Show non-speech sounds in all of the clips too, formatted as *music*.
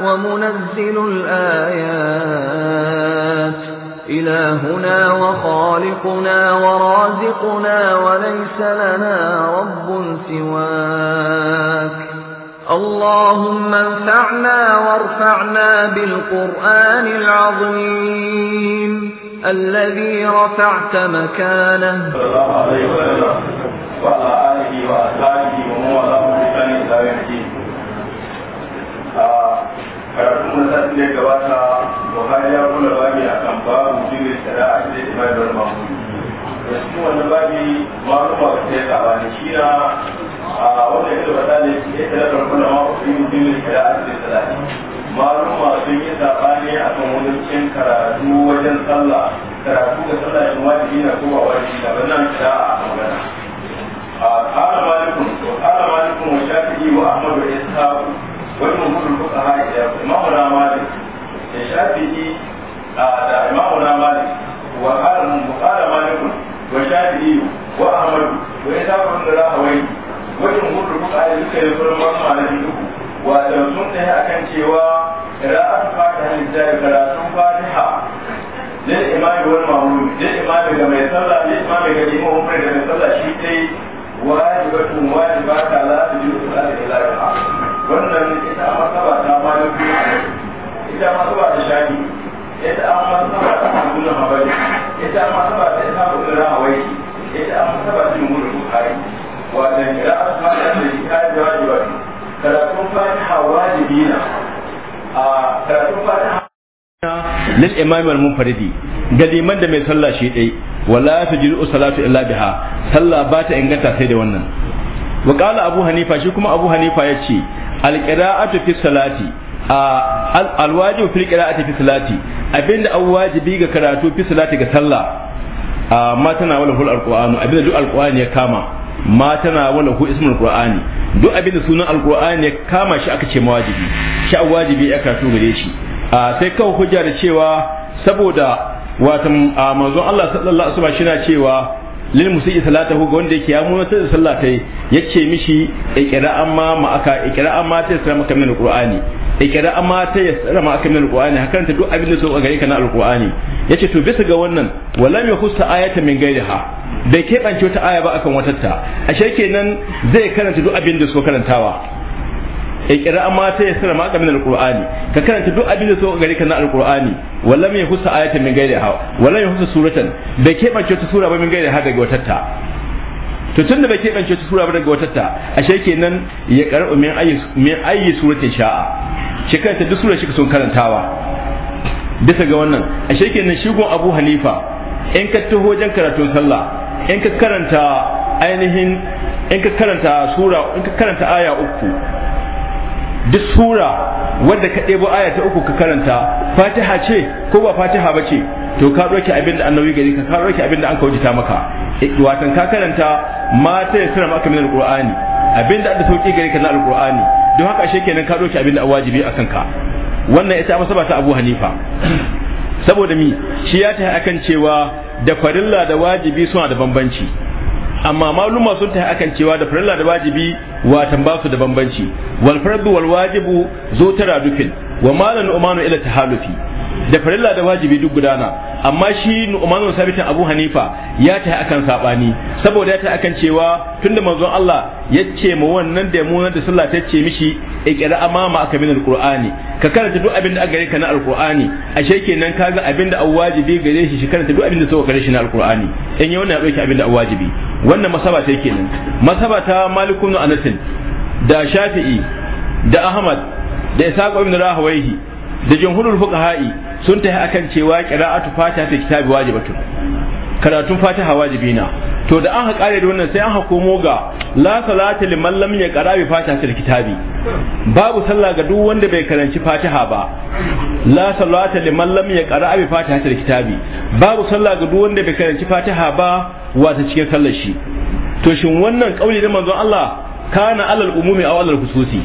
ومنزل الآيات إلهنا وخالقنا ورازقنا وليس لنا رب سواك اللهم انفعنا وارفعنا بالقرآن العظيم الذي رفعت مكانه صلى الله عليه وسلم وعلى آله وأصحابه ومن والاه بإحسان إلى يوم karatu na satin da gabata buhari ya kula babi a kan babu jirin tsada a cikin imanin mamu da shi wani wannan babi maluma ta yi tsaba da shi na a wanda ya tabbata ne ya tsada da kula ma jirin jirin tsada a cikin tsada ma sun yi sabani a kan wani wajen karatu wajen sallah karatu ga sallah in wajibi na ko ba wajibi na ba nan tsada a magana قال مالك وقال مالك وشافعي واحمد واسحاق wani mutum kuka hana da imamu na malik da shafi'i da imamu na malik wa kala mukala malikun wa shafi'i wa ahmadu wa ya da rahawai wajen mutum kuka hana da suka yi furin masu malamin duku wato sun tsaye akan cewa ra'an fatiha littafi karatun fatiha lil imami wal ma'mum lil imami ga mai sallah lil imami ga limamin da mai sallah shi dai wajibatu wajibata la tujudu lil imam al munfaridi ga liman da mai sallah shi dai wala jiru salatu illa biha sallah ba ta inganta sai da wannan wa qala abu hanifa shi kuma abu hanifa yace al qira'atu fi salati al wajibu fi qira'ati fi salati abinda an wajibi ga karatu fi salati ga sallah ma tana wala hul alqur'anu abinda duk alqur'ani ya kama ma tana wala hu ismul qur'ani duk abinda sunan alqur'ani ya kama shi aka ce mawajibi shi wajibi ya karatu gare shi Ah, sai kawo hujja da cewa saboda watan ah, manzo Allah sallallahu alaihi wasallam shi na cewa lil musii salatahu ga wanda yake ya mu ta sallah tai yace mishi ikira amma ma aka ikira amma ta sai maka min alqur'ani ikira amma ta yasra maka min alqur'ani hakan ta duk abin da so gare ka na alqur'ani yace to bisa ga wannan walam yakhussa ayata min gairiha bai keɓance wata aya ba akan watatta ashe kenan zai karanta duk abin da so karantawa ya kira amma ta yasira ma kamin alƙur'ani ka karanta duk abin da suka gari kana alƙur'ani wala mai husa ayatan min gairi ha wala mai husa suratan bai keɓance wata sura ba min gairi ha daga watatta to tunda bai keɓance wata sura ba daga watatta ashe kenan ya karɓi min ayi min ayi suratin sha'a shi karanta duk sura shi ka son karantawa bisa ga wannan ashe kenan shigon Abu Hanifa in ka taho wajen karatun sallah in ka karanta ainihin in ka karanta sura in ka karanta aya uku duk sura wadda ka ɗebo aya ta uku ka karanta fatiha ce ko ba fatiha ba ce to ka ɗauki abin da annabi gari ka ka ɗauki abin da an kawjita maka eh, watan ka karanta mata ya sura maka min alqur'ani abin da aka sauki gari ka na alqur'ani don haka ashe kenan ka ɗauki abin da wajibi akan ka wannan ita masa ba ta Abu Hanifa saboda mi shi ya ta akan cewa da farilla da wajibi suna da bambanci amma maluma sun ta akan cewa da farilla da wajibi watan ba su da bambanci wal fardu wal wajibu zo tara dufin wa malan umanu ila tahalufi da farilla da wajibi duk gudana amma shi umanu sabitin abu hanifa ya ta akan sabani saboda ya ta akan cewa tunda manzon Allah ya ce mu wannan da mu da sallah ta ce mishi iqra amama aka min alqur'ani ka karanta duk abin da aka gare ka na alqur'ani ashe kenan kaga abin da wajibi gare shi shi karanta duk abin da gare shi na alqur'ani in yau na dauki abin da wajibi wannan masaba ta kenan masaba ta malikun anasin da shafi'i da ahmad da isaqo ibn rahawayhi da jumhurul fuqaha'i sun tafi akan cewa qira'atu fatiha fi kitabi wajibatun karatun fatiha wajibi na to da an haƙare da wannan sai an komo ga la salata liman lam ya bi fatiha fatihatil kitabi babu sallah ga duk wanda bai karanci fatiha ba la salata liman lam ya bi fatiha fatihatil kitabi babu sallah ga duk wanda bai karanci fatiha ba wata cikin sallar shi to shin wannan kauli da manzon Allah kana alal umumi aw alal khususi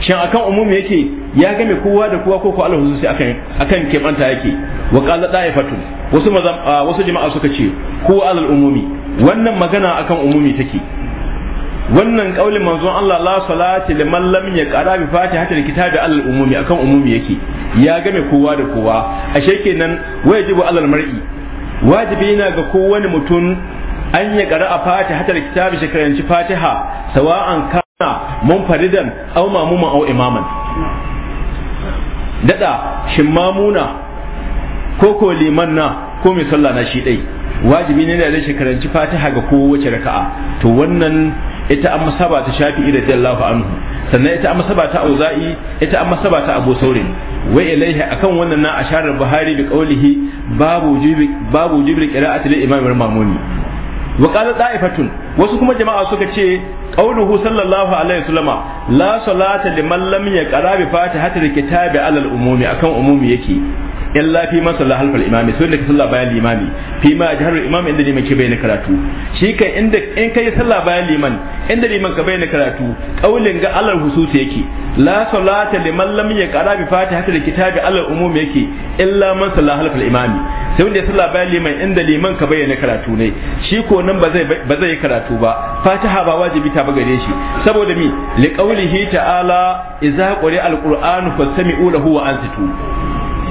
shin akan umumi yake ya game kowa da kowa ko ko alal khususi akan akan kebanta yake wa qala da'ifatu wasu ah, wasu jama'a suka ce ko alal umumi wannan magana akan umumi take wannan kaulin manzo Allah la salati liman lam yaqra bi fatihatil kitabi alal umumi akan umumi yake ya game kowa da kowa ashe kenan wajibu alal mar'i wajibi na ga kowane mutum an ya a fatihatil kitabi shi karanci fatiha sawa'an kana munfaridan aw mamuman aw imaman dada shin mamuna ko ko liman na ko mai sallah na shi dai wajibi ne da shi karanci fatiha ga kowace raka'a to wannan ita an masaba ta shafi'i radiyallahu anhu sannan ita an masaba ta auza'i ita an masaba ta abu saurin wai ilaihi akan wannan na asharar buhari bi qaulihi babu jibi babu jibril qira'ati li imam al-mamuni wa qala da'ifatun wasu kuma jama'a suka ce qauluhu sallallahu alaihi wasallama la salata liman lam yaqra bi fatihatil kitabi alal umumi akan umumi yake In la fi man sallah halfal imami sai da ka sallah bayan limami fi ma jahar imami inda liman ke bayyana karatu shi kai inda in kai sallah bayan liman inda liman ka bayyana karatu kaulin ga alal hususi yake la salata liman lam yaqra bi fatihatil kitabi alal umum yake illa man sallah halfal imami sai wanda ya sallah bayan liman inda liman ka bayyana karatu ne shi ko nan ba zai ba zai karatu ba fatiha ba wajibi ta ba gare shi saboda mi li qaulihi ta'ala idza quri fa fastami'u lahu wa ansitu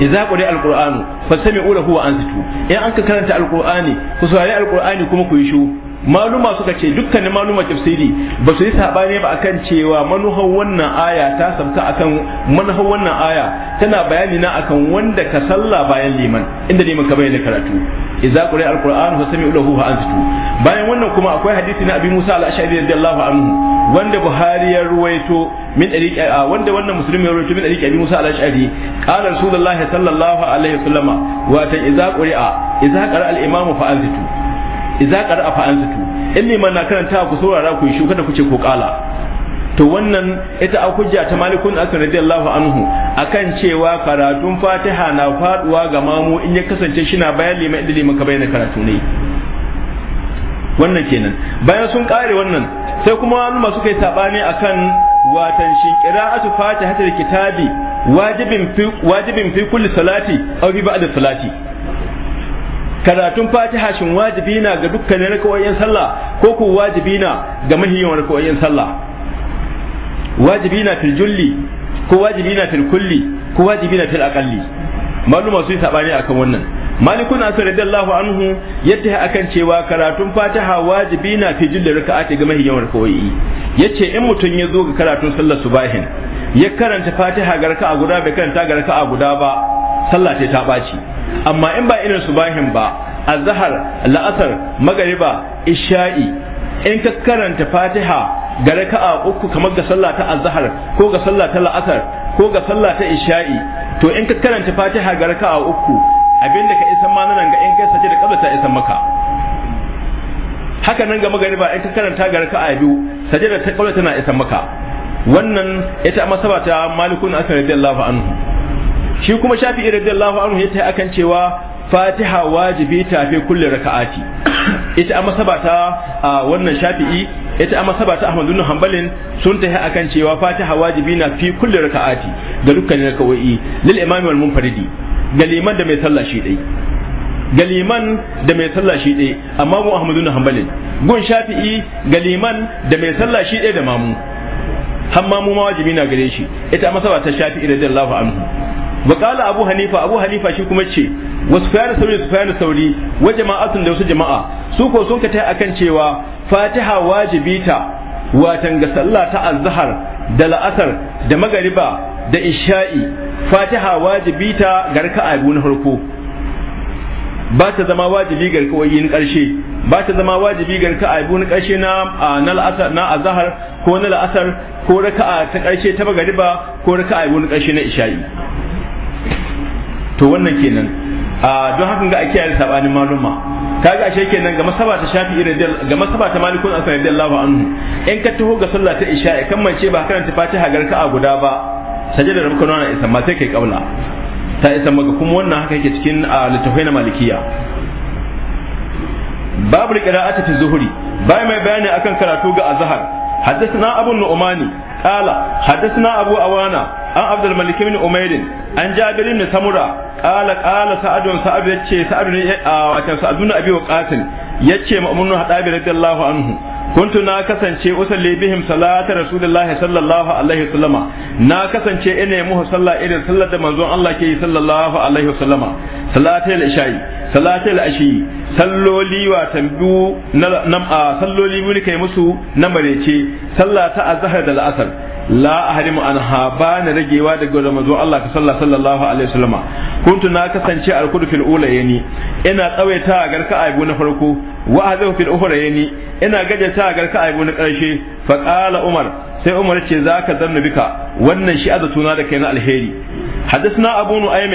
idza quri alqur'anu fasami'u lahu wa ansitu in an ka karanta alqur'ani ku saurari alqur'ani kuma ku yi shu maluma suka ce dukkanin maluma tafsiri ba su yi sabani ba akan cewa manuhar wannan aya ta sabka akan manuhar wannan aya tana bayani na akan wanda ka salla bayan liman inda liman ka bayyana karatu idza quri alquran fa sami'u lahu wa ansitu bayan wannan kuma akwai hadisi na abi musa al-ash'ari radiyallahu anhu wanda buhari ya ruwaito min dariq wanda wannan musulmi ya ruwaito min dariq abi musa al-ash'ari qala rasulullahi sallallahu alaihi wasallama wa ta idza quri'a idza qara al-imam fa ansitu idza qara'a fa ansitu in liman na karanta ku saurara ku yi shi kada ku ce ko kala to wannan ita a hujja ta malikun asir radiyallahu anhu akan cewa karatun fatiha na faduwa ga mamu in ya kasance shi na bayan liman inda liman ka bayyana karatu ne wannan kenan bayan sun kare wannan sai kuma maluma suka yi sabani akan watan shi qira'atu ta kitabi wajibin fi wajibin fi kulli salati aw fi ba'da salati karatun fatiha shin wajibi na ga dukkanin rakawoyin sallah ko ko wajibi na ga mahiyan rakawoyin sallah wajibi na fil julli ko wajibi na fil kulli ko wajibi na fil aqalli maluma sun sabani akan wannan malikun asr radiyallahu anhu yadda akan cewa karatun fatiha wajibi na fi julli rak'ati ga mahiyan rakawoyi yace in mutun ya zo ga karatun sallar subahin ya karanta fatiha ga raka'a guda bai karanta ga raka'a guda ba sallah ta ɓaci amma in ba irin subahin ba azhar la'asar magariba isha'i in ka karanta fatiha ga raka'a uku kamar ga sallah ta azhar ko ga sallah ta la'asar ko ga sallah ta isha'i to in ka karanta fatiha ga raka'a uku abinda ka isan ma nan ga in kai sace da kabla ta isan maka haka nan ga magariba in ka karanta ga raka'a biyu sace ta kabla tana isan maka wannan ita masaba ta malikun asr radiyallahu anhu shi kuma shafi'i radiyallahu anhu ya tayi akan cewa fatiha wajibi tafi kulle raka'ati ita a masaba ta wannan shafi'i ita a masaba ta ahmad bin hanbalin sun tafi akan cewa fatiha wajibi na fi kulle raka'ati ga dukkanin raka'o'i lil imami wal munfaridi ga liman da mai sallah shi dai ga liman da mai sallah shi dai amma mu Ahmadu bin hanbalin gun shafi'i ga liman da mai sallah shi dai da mamu hamma ma wajibi na gare shi ita a masaba ta shafi'i radiyallahu anhu wa abu hanifa abu hanifa shi kuma ce wa sufyan sauri sufyan sauri wa jama'atun da wasu jama'a su ko sun a kan cewa fatiha wajibi ta watan ga sallah ta azhar da la'asar da magariba da isha'i fatiha wajibi ta ga abu na harko. ba ta zama wajibi ga na karshe ba ta zama wajibi ga raka'a biyu na karshe na na la'asar ko na la'asar ko raka'a ta karshe ta magariba ko raka'a abu na karshe na isha'i to wannan kenan a don haka ga a kiyaye sabanin maluma kaga ashe kenan ga masaba ta shafi ga masaba ta malikun asr radiyallahu anhu in ka taho ga sallah ta isha kan mance ba karanta fatiha garka a guda ba da rukunu na isa ma sai kai kaula ta isa maka kuma wannan haka yake cikin littafai na malikiya babu qira'ati fi zuhri bai mai bayani akan karatu ga azhar حدثنا أبو النعمان قال حدثنا أبو أوانا an abdul malik ibn umayr an jabir ibn samura qala qala sa'ad ibn sa'ad yace sa'ad ne wato sa'ad ibn abi waqasin yace ma'mun hadabi radiyallahu anhu kuntu na kasance usalli bihim salata rasulullahi sallallahu alaihi wasallama na kasance ina yi sallah irin sallar da manzon Allah ke yi sallallahu alaihi wasallama salatul isha'i salatul ashi salloli wa tambu na salloli biyu kai musu na ce sallah ta azhar da al'asr la ahrimu anha ba na ragewa daga da manzo Allah ka salla sallallahu alaihi wasallama kuntu na kasance alkudu fil ulayni ina tsawaita a garka aibu na farko wa azu fil ukhrayni ina gajata a garka aibu na karshe fa qala umar sai umar ce zaka zanna bika wannan shi azatuna da kai na alheri حدثنا أبو نعيم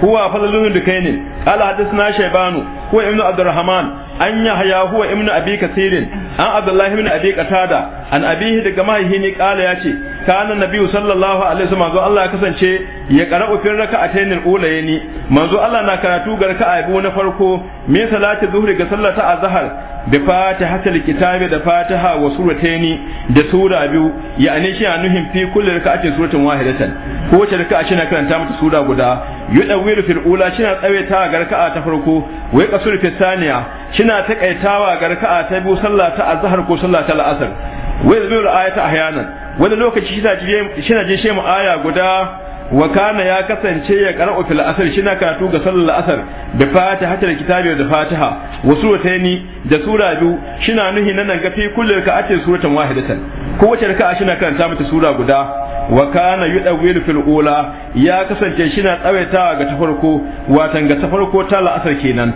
huwa fadlun dukaini qala hadathna shaybanu huwa ibnu abdurrahman an yahya huwa ibnu abi kasirin an abdullahi ibn abi qatada an abihi daga mahaihi ne qala yace kana nabiyyu sallallahu alaihi wasallam zo Allah ya kasance ya qara'u a tainin al-ulayni manzo Allah na karatu ga raka'a na farko me salati zuhri ga sallata azhar da fatihatul kitabi da fatiha wa surataini da sura biyu ya ane shi anuhin fi kulli raka'atin suratan wahidatan ko wace raka'a shi na karanta mata sura guda yudawiru fil ula shina tsawaitawa garka'a ta farko wai yaqsuru fil thaniya shina takaitawa ga ta biyu sallah ta azhar ko sallah ta al'asr wai yadbiru ayata ahyanan wani lokaci shina jiye jin shemu aya guda wa kana ya kasance ya qara'u fil asr shina karatu ga sallah al'asr da fatiha ta kitabi da fatiha wa surataini da sura biyu shina nuhi nan ga fi kullu ka ace suratan wahidatan kowace raka'a shi na karanta mata sura guda wa kana yudawwilu fil ula ya kasance shi na tsawaitawa ga ta farko watan ga ta farko ta la'asar kenan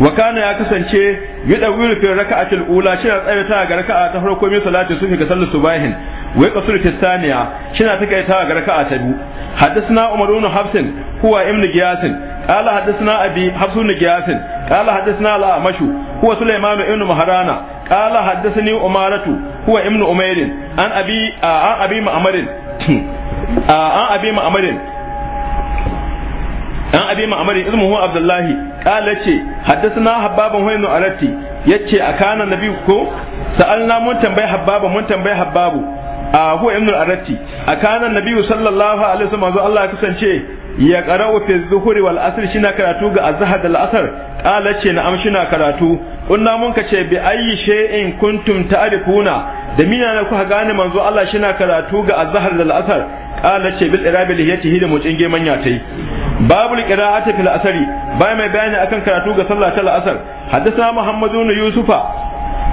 wa kana ya kasance yudawwilu fil raka'atil ula shi na tsawaitawa ga raka'a ta farko mai salati sufi ga sallar subahin wa yaqsuru fi thaniya shi na takaitawa ga raka'a ta biyu حدثنا عمر بن hafsin هو ibn giyasin qala حدثنا abi hafsun giyasin qala قال حدثنا الاعمش هو sulaiman ibn maharana. قال حدثني أمارة هو ابن أمير عن أبي عن أبي معمر عن أبي معمر ce haddasna habbaban huwainu arati ko sa'alna mun tambayi habbaba mun tambayi habbabu a huwa ibnul al a akana nabiyyu sallallahu alaihi wasallam zo Allah ya kasance ya qara'u fi zuhuri wal asr shina karatu ga azhar al asr qala ce na amshina karatu kunna mun kace bi ayyi shay'in kuntum ta'rifuna da mina na kuka gane manzo Allah shina karatu ga azhar al asr qala ce bil irabi yati da mutin ge manya tai babul qira'ati fil asri bai mai bayani akan karatu ga sallah ta asr hadathana muhammadun yusufa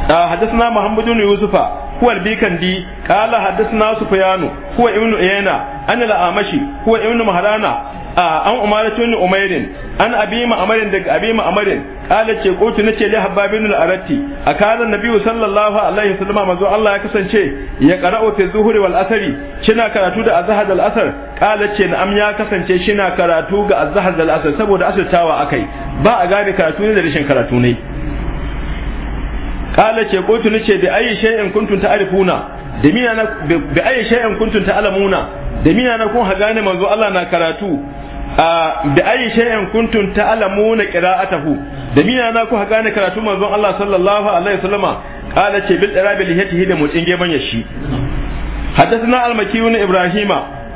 hadathana muhammadun yusufa هو البيكندي قال حدثنا سفيان هو ابن عيينة أن الأعمشي هو ابن مهرانا an umaratu ni umairin an abima amarin daga abima amarin kala ce kotu nace li hababin al-arati akala nabi sallallahu alaihi wasallam manzo Allah ya kasance ya qara'u fi zuhuri wal asri shina karatu da azhar al asr kala ce am ya kasance shina karatu ga azhar al asr saboda a akai ba a gane karatu ne da rashin karatu ne kala ce ce bi ayi shay'in kuntum ta'rifuna da mina na da mina na kun hagane manzo Allah na karatu bi ayi shay'in kuntum ta'lamuna qira'atahu da mina na kun hagane karatu manzo Allah sallallahu alaihi wasallama kala ce da mutsin geban yashi حدثنا المكي بن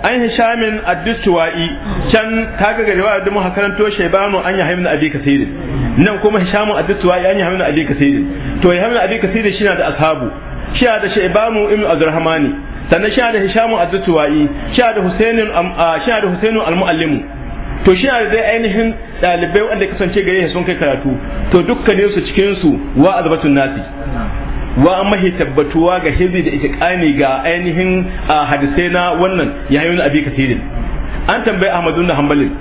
an hishamin addustuwa'i can ta ga riwaya da muka ba shaybanu an ya haimna abi kasir nan kuma hishamun addustuwa'i an ya haimna abi kasir to ya haimna abi kasir shi na da ashabu shi da shaybanu ibn azrahmani sannan shi da hishamun addustuwa'i shi da husainin shi da husainun almuallimu to shi da zai ainihin dalibai wanda kasance gare sun kai karatu to dukkaninsu cikin su wa azbatun nasi wa he tabbatuwa ga hizbi da itiqani ga ainihin hadisai na wannan wani abi kasirin an tambayi ahmadu na hanbali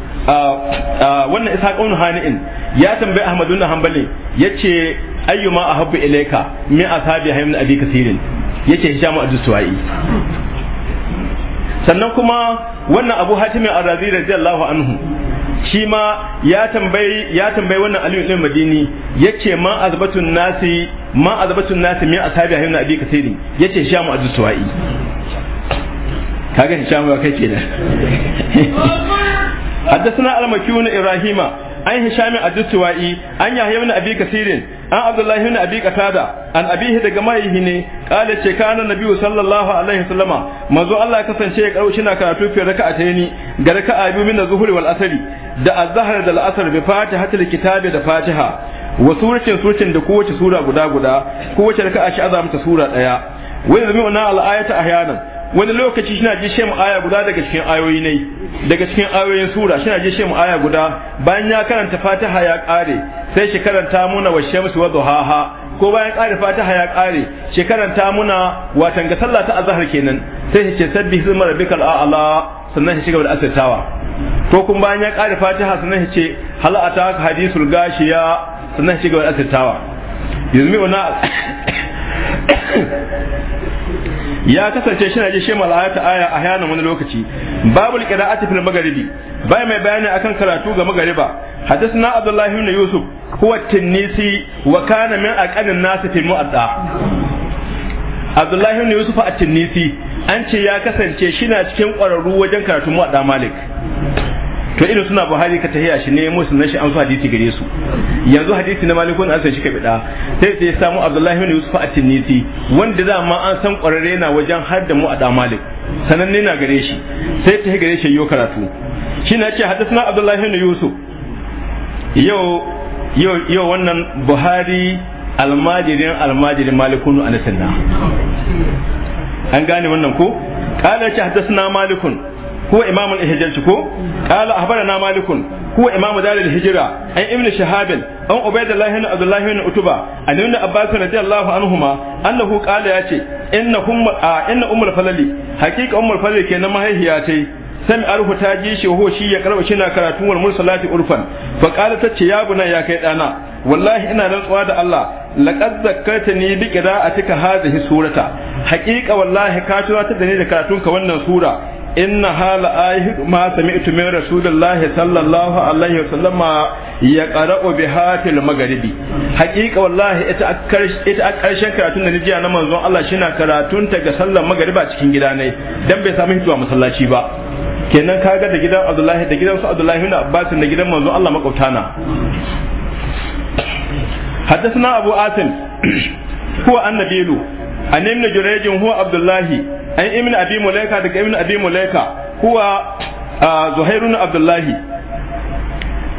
wannan isa ƙaunin hani'in ya tambayi ahmadu na hanbali ya ce ayyuma a habbu ilaika min ashabi hayyun abi kasirin yake hishamu ajustuwa'i sannan kuma wannan abu hatimin arazi radiyallahu anhu shi ma ya tambayi ya tambayi wannan aliyu ibn madini yace ma azbatun nasi ma azbatun nasi min ashabi ayyuna abi kasiri yace shamu azuwai kaga shamu kai kenan حدثنا المكيون إبراهيم an hisham ad-dustawi an yahya ibn abi kasirin an abdullahi ibn abi katada an abihi daga maihi ne kala ce kana a sallallahu alaihi wasallama manzo Allah kasance ya karo na karatu fi raka'ataini ga raka'a biyu min zuhuri wal asri da az-zahr da al-asr bi fatihatil kitabe da fatiha wa suratin suratin da kowace sura guda guda kowace raka'a shi azamta sura ɗaya wa yazmi'una al a yanar. wani lokaci shi na je shi aya guda daga cikin ayoyi ne daga cikin ayoyin sura shi na je shi aya guda bayan ya karanta fataha ya kare sai shi karanta muna wa shamsu wa duhaha ko bayan kare fataha ya kare shi karanta muna watan ga sallah ta azhar kenan sai shi ce sabbi hisma rabbikal a'la sannan shi shiga da asirtawa ko kuma bayan ya kare fataha sannan shi ce hal ataka hadisul gashiya sannan shi shiga da asirtawa yanzu mai wannan *coughs* ya kasance shi na ji shema al'ayata aya a hayanan wani lokaci babul a fil magaribi bai mai bayani akan karatu ga maghariba hadisna abdullahi ibn yusuf huwa tinisi wa kana min aqalin nasi fil mu'adda abdullahi ibn yusuf at-tinisi an ce ya kasance shi na cikin ƙwararru wajen karatu mu'adda malik to idan suna buhari ka tahiya shi ne musu nashi an su hadisi gare su yanzu hadisi na malikun an san shi ka bida sai sai samu abdullahi ibn yusuf at-tinisi wanda da ma an san kwararre na wajen da mu a da malik ne na gare shi sai ta gare shi yau karatu shi na ce hadisna abdullahi ibn yusuf yau yau yau wannan buhari almajirin almajirin malikun an sanna an gane wannan ko قال حدثنا malikun. هو إمام الهجرة كو قال أخبرنا مالك هو إمام دار الهجرة عن ابن شهاب عن عبيد الله بن عبد الله بن عتبة عن ابن عباس رضي الله عنهما أنه قال ياتي إن أم إن أم الفلل حقيقة أم الفلل كان ما هي هي sami arhu ta ji shi ho shi ya karba shi na karatun wal mursalati urfan fa ta ce ya buna ya kai dana wallahi ina rantsuwa da Allah laqad zakkartani da qira'atika hadhihi surata haqiqa wallahi ka da ni da karatun ka wannan sura inna hala ahid ma sami'tu min rasulillahi sallallahu alaihi wa sallama ya qara'u bi hatil magharibi haqiqa wallahi ita a karshen karatun da nijiya na manzon Allah shi na karatun ta ga sallar magariba cikin gida ne dan bai samu hituwa masallaci ba kenan kaga da gidan Abdullahi da gidan su Abdullahi ibn Abbas da gidan manzon Allah makwabtana حدثنا abu آتم هو النبيل عن ابن جريج هو عبد الله an ibn abi mulaika daga ibn abi mulaika kuwa a Zuhairun abdullahi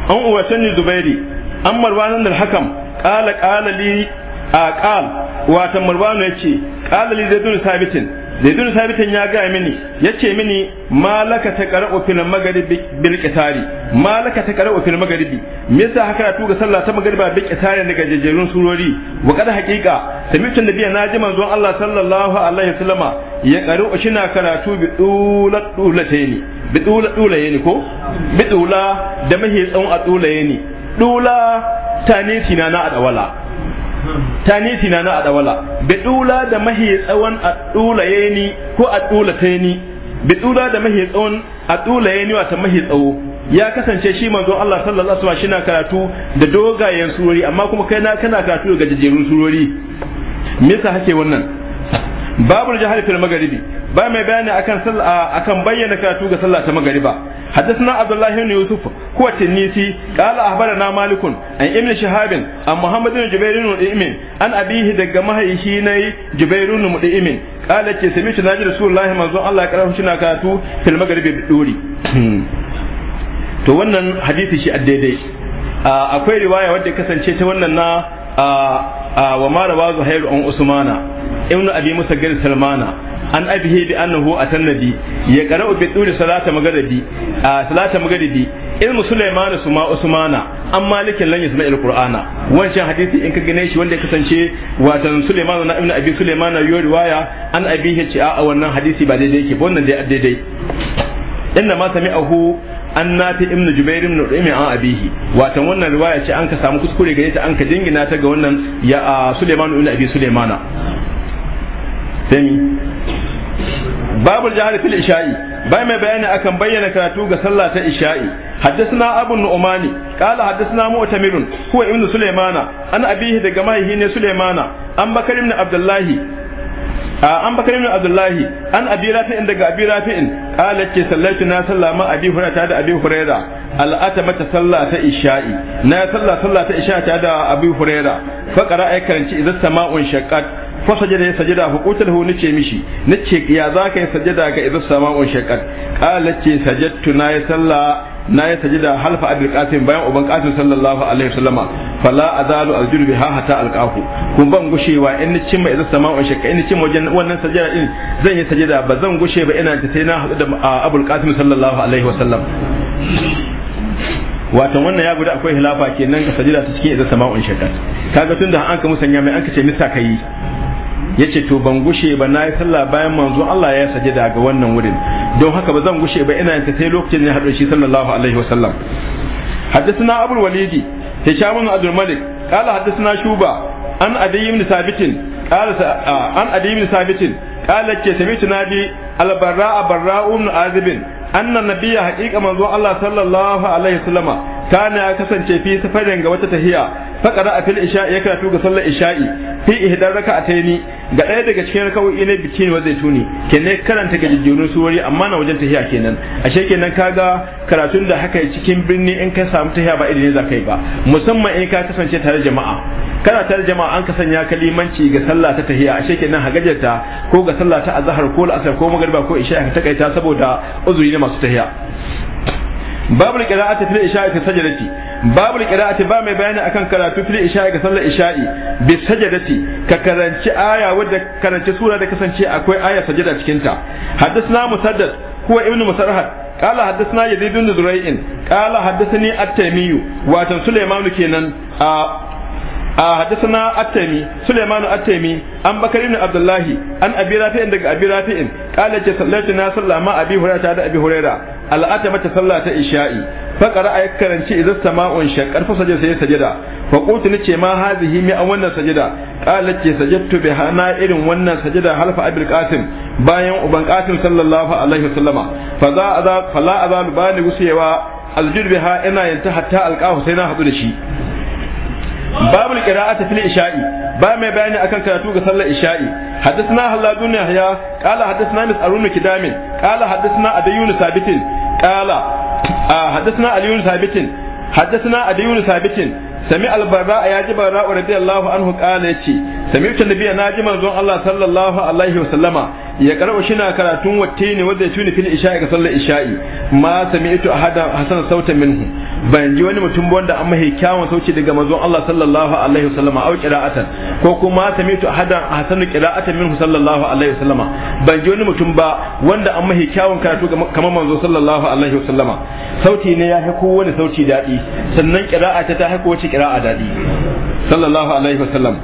an uwatan zubairi an marwanan al hakam qala qala li qal wa tan ya ce qala li zaidun sabitin zaidun sabitan ya gaya mini ya ce mini malaka ta qara'u fil maghribi bil qitari malaka ta qara'u fil maghribi me yasa haka na tuga sallah ta maghriba bil qitari daga jajjerun surori wa kada haqiqa samitun nabiyya naji manzon Allah sallallahu alaihi wasallama ya qara'u na karatu bi dulat dulatayni bi dulat dulayni ko bi dula da mahi tsawon a dulayni ne dula tanisi na a adawala tanisi na na adawala bi dula da mahi tsawon adula yeni ko adula bi dula da mahi tsawon adula wa ta mahi tsawo ya kasance shi manzo Allah sallallahu alaihi wasallam shina karatu da dogayen surori amma kuma kai na kana karatu ga gajerun surori me yasa hake wannan babul jahal fil magharibi ba mai bayani akan sallah akan bayyana karatu ga sallah ta maghariba حدثنا عبد الله بن يوسف هو التنيسي قال اخبرنا مالك عن ابن شهاب عن محمد بن جبير بن عن أبيه دق مهيشيني جبير بن مدئم قال كي سمعت ناجي رسول الله من منظور الله كراه شنا كاتو في المغرب بالدوري تو wannan hadisi shi daidai akwai riwaya wadda kasance ta wannan na wa mara wa zuhairu an usmana ibnu abi musa salmana an abihi bi annahu atannabi ya qara'u bi turi salata magaribi salata magaribi ilmu sulaimanu suma usmana an malikin lan yasma alqur'ana wancan hadisi in ka gane shi wanda ya kasance watan sulaimanu na ibnu abi sulaimanu yayi riwaya an abihi ci a wannan hadisi ba daidai yake ba wannan dai daidai inna ma sami'ahu an nafi ibn jubair ibn rumi an abihi watan wannan riwaya ce an ka samu kuskure gare ta an ka jingina ta ga wannan ya suleiman ibn abi suleimana sai باب الجهر في العشاء mai bayani بيان اكن بينا كراتو ga sallah ta isha'i حدثنا ابو النعمان قال حدثنا مؤتمر هو ابن سليمان انا ابيه daga mai ya سليمان an an bakar ibn an abi rafi'in daga abi rafi'in qala ke sallaitu na sallama abi hurairah da abi hurairah al'ata mata sallah ta isha'i na sallah sallah ta isha'i ta da abi hurairah fa qara'a karanci idan sama'un shaqqat fasajada ya sajada fa qutalahu nace mishi nace ya zaka yi sajada ga idza sama'un shaqqat qala ce sajadtu na ya salla na ya sajada halfa abul qasim bayan uban qasim sallallahu alaihi wasallama fala azalu aljudu biha hatta alqahu kun ban gushewa in nace mai idza sama'un shaqqat in nace wajen wannan sajada din zan yi sajada ba zan gushe ba ina ta sai na hadu da abul qasim sallallahu alaihi wasallam wato wannan ya guda akwai hilafa kenan ka sajada ta cikin idza sama'un shaqqat kaga tunda an ka musanya mai an ka ce misa kai yace to ban gushe ba na yi sallah bayan manzon Allah ya saje daga wannan wurin don haka ba zan gushe ba ina ta sai lokacin ne hado shi sallallahu alaihi wa wasallam حدثنا أبو الوليد هشام بن عبد الملك قال حدثنا شوبة عن أبي بن ثابت قال عن أبي بن ثابت قال لك سمعت نبي البراء براء بن عازب أن النبي حقيقة منذ الله صلى الله عليه وسلم kana kasance fi safarin ga wata tahiya fakara a fil isha'i ya karatu ga sallar isha'i fi ihdar raka'ataini ga ɗaya daga cikin raka'o'i na bikin wa zaituni kenan karanta ga jujjurun surori amma na wajen tahiya kenan ashe kenan kaga karatun da haka ya cikin birni in ka samu tahiya ba idan za kai ba musamman in ka kasance tare jama'a kana tare jama'a an ka sanya kalimanci ga sallah ta tahiya ashe kenan hagajarta ko ga sallah ta azhar ko al'asar ko magriba ko isha'i ka takaita saboda uzuri na masu tahiya babul qira'ati fil isha'i fi sajdati babul qira'ati ba mai bayani akan karatu fil isha'i ga sallar isha'i bi sajdati ka karanci aya wadda karanci sura da kasance akwai aya sajada cikin ta haddathna musaddad huwa ibnu musarhad قال حدثنا يزيد بن زريع قال حدثني التيمي واتن سليمان كينان حدثنا التيمي سليمان التيمي عن بكر بن عبد الله عن ابي رافع عند ابي رافع قال صليت صلى مع ابي هريره da ابي هريره al'ata mata sallah ta isha'i fa qara'a karanci idza sama'un shaqqar fa sajada sai sajada fa qultu ce ma hazihi mi an wannan sajada qala ce sajadtu bi hana irin wannan sajada halfa abul qasim bayan uban qasim sallallahu alaihi wasallama fa za azab fala azab bani gusewa aljud biha ina yanta hatta sai na hadu da shi babul qira'ati fil isha'i ba mai bayani akan karatu ga sallar isha'i hadisna halladun yahya qala haddathna mis'arun kidamin qala hadisna adayun sabitin qala ah, hadisna aliyun sabitin hadisna adayun sabitin sami albarra ya ji barra radiyallahu anhu qala yace sami ta nabiya na ji manzon Allah sallallahu alaihi wa sallama ya karba shi na karatun watte ne wanda ya tuni fil isha'i ga sallar isha'i ma ban ji wani mutum wanda an mahi kyawun sauci daga manzon Allah sallallahu alaihi wa au qira'atan ko kuma sami'tu ahadan hasan qira'atan minhu sallallahu alaihi wa sallama ban ji wani mutum ba wanda an mahi kyawun karatu kamar manzo sallallahu alaihi wa sauti ne ya hako wani sauti dadi sannan qira'a ta ta wace a dadi sallallahu alaihi wasallam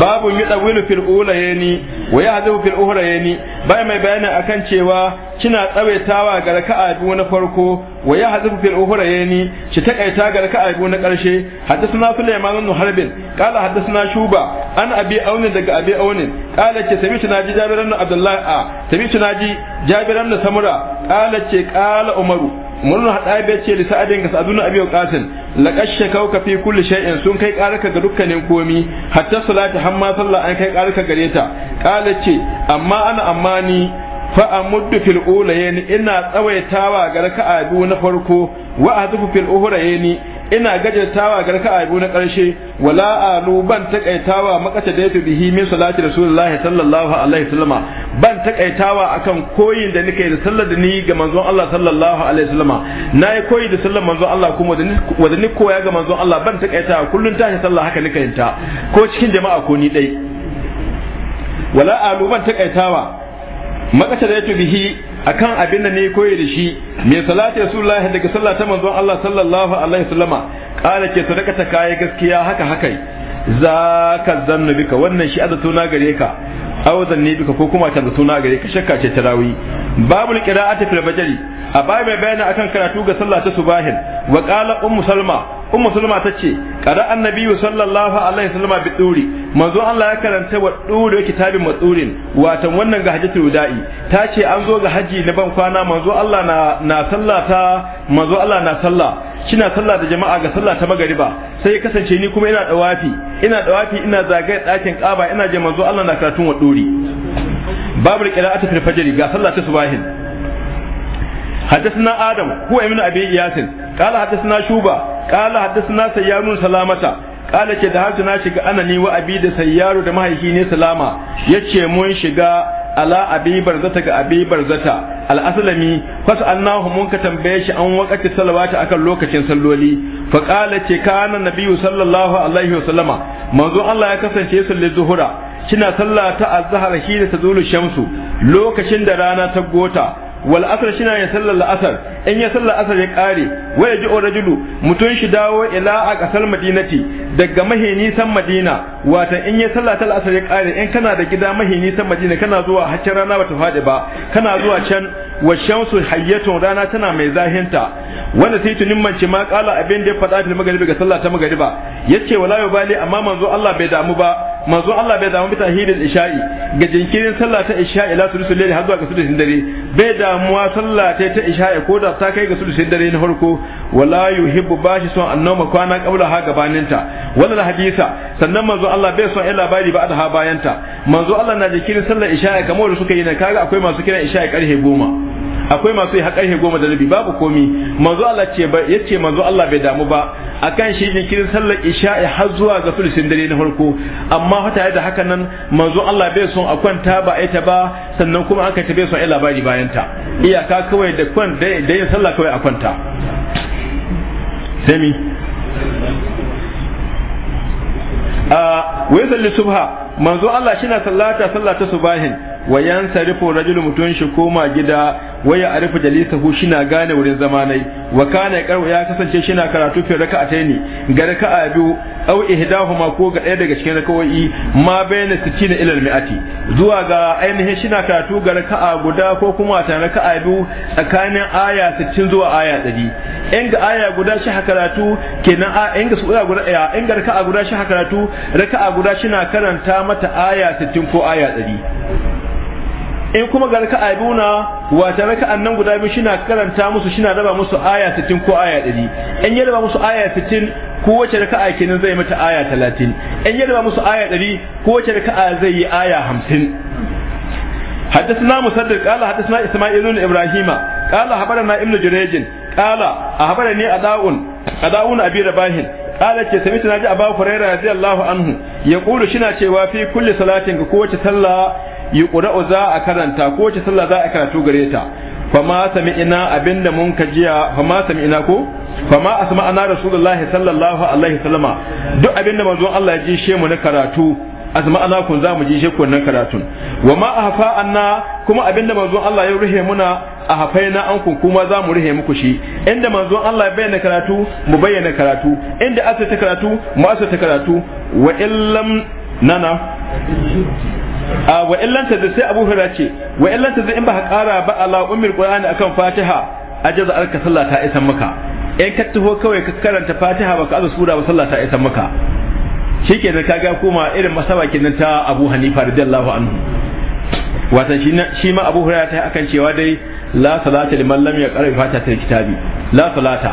babu yudawilu fil ulayni wa yahdu fil uhrayni bai mai bayani akan cewa kina tsawaitawa ga raka'a biyu na farko wa yahdu fil uhrayni ki takaita ga raka'a biyu na karshe haddathana sulaiman ibn harbin qala haddathana shuba an abi auni daga abi auni qala ce sami'tu ji jabir ibn abdullah a sami'tu ji jabir ibn samura qala ce qala umaru murna bai ce li sa'adin ka sa'aduna abi qasim laqad ka fi kulli shay'in sun kai karaka ga dukkanin komi hatta salati hamma sallah an kai karaka gare ta qala ce amma ana amani fa amuddu fil ulayni ina tsawaitawa ga raka'a biyu na farko wa azufu fil uhrayni ina gajartawa garka abu na karshe wala alu ban takaitawa makata da yafi bihi min salati rasulullahi sallallahu alaihi wasallama ban takaitawa akan koyin da nake da sallar da ni ga manzon Allah sallallahu alaihi wasallama nayi koyi da sallar manzon Allah kuma da ni koya ga manzon Allah ban takaitawa kullun tashi sallah haka nake yinta ko cikin jama'a ko ni dai wala alu ban takaitawa yake bihi akan abin da ne koyi da shi me salati rasulullahi daga sallah ta manzon Allah sallallahu alaihi wasallama kala sadaka sadakata kai gaskiya haka haka ka zanna bika wannan shi azatu na gare ka aw zanni bika ko kuma ta zatu na gare ka shakka ce tarawi babul qira'ati fil fajri a bai mai bayani akan karatu ga sallah ta subahin wa qala ummu salma ummu salma tace qara annabi sallallahu alaihi wasallam bi duri manzo Allah ya karanta wa duri kitabin matsurin watan wannan ga hajjatul wada'i tace an zo ga haji na ban kwana manzo Allah na na sallata manzo Allah na sallah kina sallah da jama'a ga sallah ta magariba sai kasance ni kuma ina dawafi ina dawafi ina zagaye dakin kaba ina je manzo Allah na karatun wa duri babu qira'atu fil fajr ga sallah ta subahin حدثنا آدم هو ابن أبي إياس قال حدثنا Shuba, قال حدثنا سيار سلامة قال ke da hatu shiga anani wa abi da sayyaro da mahaifi ne salama yace mun shiga ala abi barzata ga abi barzata al-aslami fas annahu ka tambaye shi an wakati salawata akan lokacin salloli fa qala ce kana nabiyyu sallallahu alaihi wa sallama manzo Allah ya kasance salli zuhura kina sallata azhar shi da tazulu shamsu lokacin da rana ta gota wal asr shina ya sallar la'asar in ya salla asar ya kare wa yaji ji'o rajulu mutun shi dawo ila a kasar madinati daga mahi nisan madina wata in ya sallar al asr ya kare in kana da gida mahi nisan madina kana zuwa haccin rana bata fadi ba kana zuwa can wa shamsu hayyatun rana tana mai zahinta wanda sai tunin mance ma kala abin da ya faɗa fil magribi ga sallah ta magriba yace wala yubali amma manzo Allah bai damu ba manzo Allah bai damu bita hidin isha'i ga jinkirin sallah ta isha'i la sulusul layli har zuwa ga sulusin dare bai damuwa sallah ta ta isha'i ko da ta kai ga sulusin dare na farko wala yuhibbu bashi son annoma kwana qabla ha ta wannan hadisa sannan manzo Allah bai son labari ba ha bayanta manzo Allah na jinkirin sallar isha'i kamar da suka yi na kaga akwai masu kiran isha'i karhe goma akwai masu yi haƙarhe goma da rabi babu komi manzo Allah ce ba yace manzo Allah bai damu ba akan shi jinkirin sallar isha'i har zuwa ga sulusin dare na farko amma hata da haka nan manzo Allah bai son a kwanta ba aita ba sannan kuma an kace bai son ila labari bayan ta iyaka kawai da kwan da yin sallah kawai a kwanta mi a ah, wai salli subha manzo Allah shi na sallata sallata subahin wayan sarifu rajulu mutun shi koma gida wa ya arifu shi shina gane wurin zamanai wa kana qarwa ya kasance shina karatu fi ne ga raka'a biyu aw ihdahuma ko ga daya daga cikin raka'o'i ma baina 60 ila mi'ati zuwa ga ainihin shina karatu ga raka'a guda ko kuma ta raka'a biyu tsakanin aya 60 zuwa aya 100 in ga aya guda shi karatu kenan in ga sura guda in ga raka'a guda shi karatu raka'a guda shina karanta mata aya 60 ko aya 100 in kuma ga raka'a biyu na wata raka'an nan guda biyu shina karanta musu shina raba musu aya 60 ko aya 100 in ya raba musu aya 60 ko wace raka'a kenan zai mata aya 30 in ya raba musu aya 100 ko wace raka'a zai yi aya 50 حدثنا مسدد قال حدثنا اسماعيل بن ابراهيم قال حبرنا ابن جريج قال اخبرني اداؤن اداؤن ابي رباح قال ce sami ji aba hurairah radiyallahu anhu ya kulu shina cewa fi kulli salatin ga kowace sallah Yi yuqra'u za a karanta ko ce sallah za a karatu gare ta fama ina abinda mun kajiya fama ina ko fama asma'ana rasulullahi sallallahu alaihi wasallama duk abinda manzon Allah ya ji mu na karatu asma'ana kun za mu ji shi kun nan karatun wa ma a ahfa anna kuma abinda manzon Allah ya ruhe muna hafai na an kun kuma za mu ruhe muku shi inda manzon Allah ya bayyana karatu mu bayyana karatu inda asa ta karatu mu asa ta karatu wa illam nana Ah, wa illan ta sai Abu Hurairah ce wa illan ta in ba ka kara ba ala ummul qur'ani akan Fatiha ajaza alka sallah ta isan maka in ka taho kawai ka karanta Fatiha baka azu sura ba sallah ta isan maka shikenan kaga kuma irin masaba kenan ta Abu Hanifa radiyallahu anhu wata shi ma Abu Hurairah ta akan cewa dai la salata liman lam yaqra Fatiha ta kitabi la salata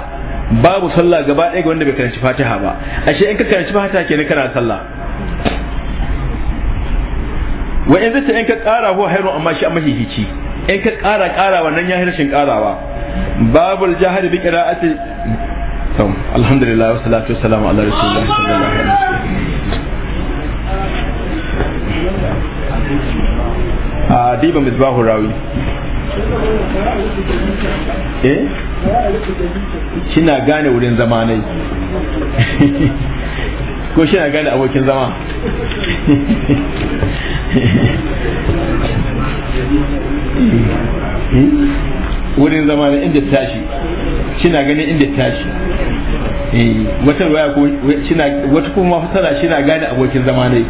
babu sallah gaba ɗaya ga wanda bai karanci Fatiha ba ashe in ka karanci Fatiha kenan kana sallah wa in zata in ka kara ko hairu amma shi amma hihici in ka kara kara wannan ya hirshin karawa babul jahar bi qira'ati to alhamdulillah wa salatu wa salam ala rasulillah sallallahu alaihi wasallam a ah, diba misbahu rawi eh kina gane wurin zamanai *laughs* ko shi na gane abokin zama wurin zama na inda tashi shi na ganin inda tashi eh, wata kuma fasara shi na gane abokin zama ne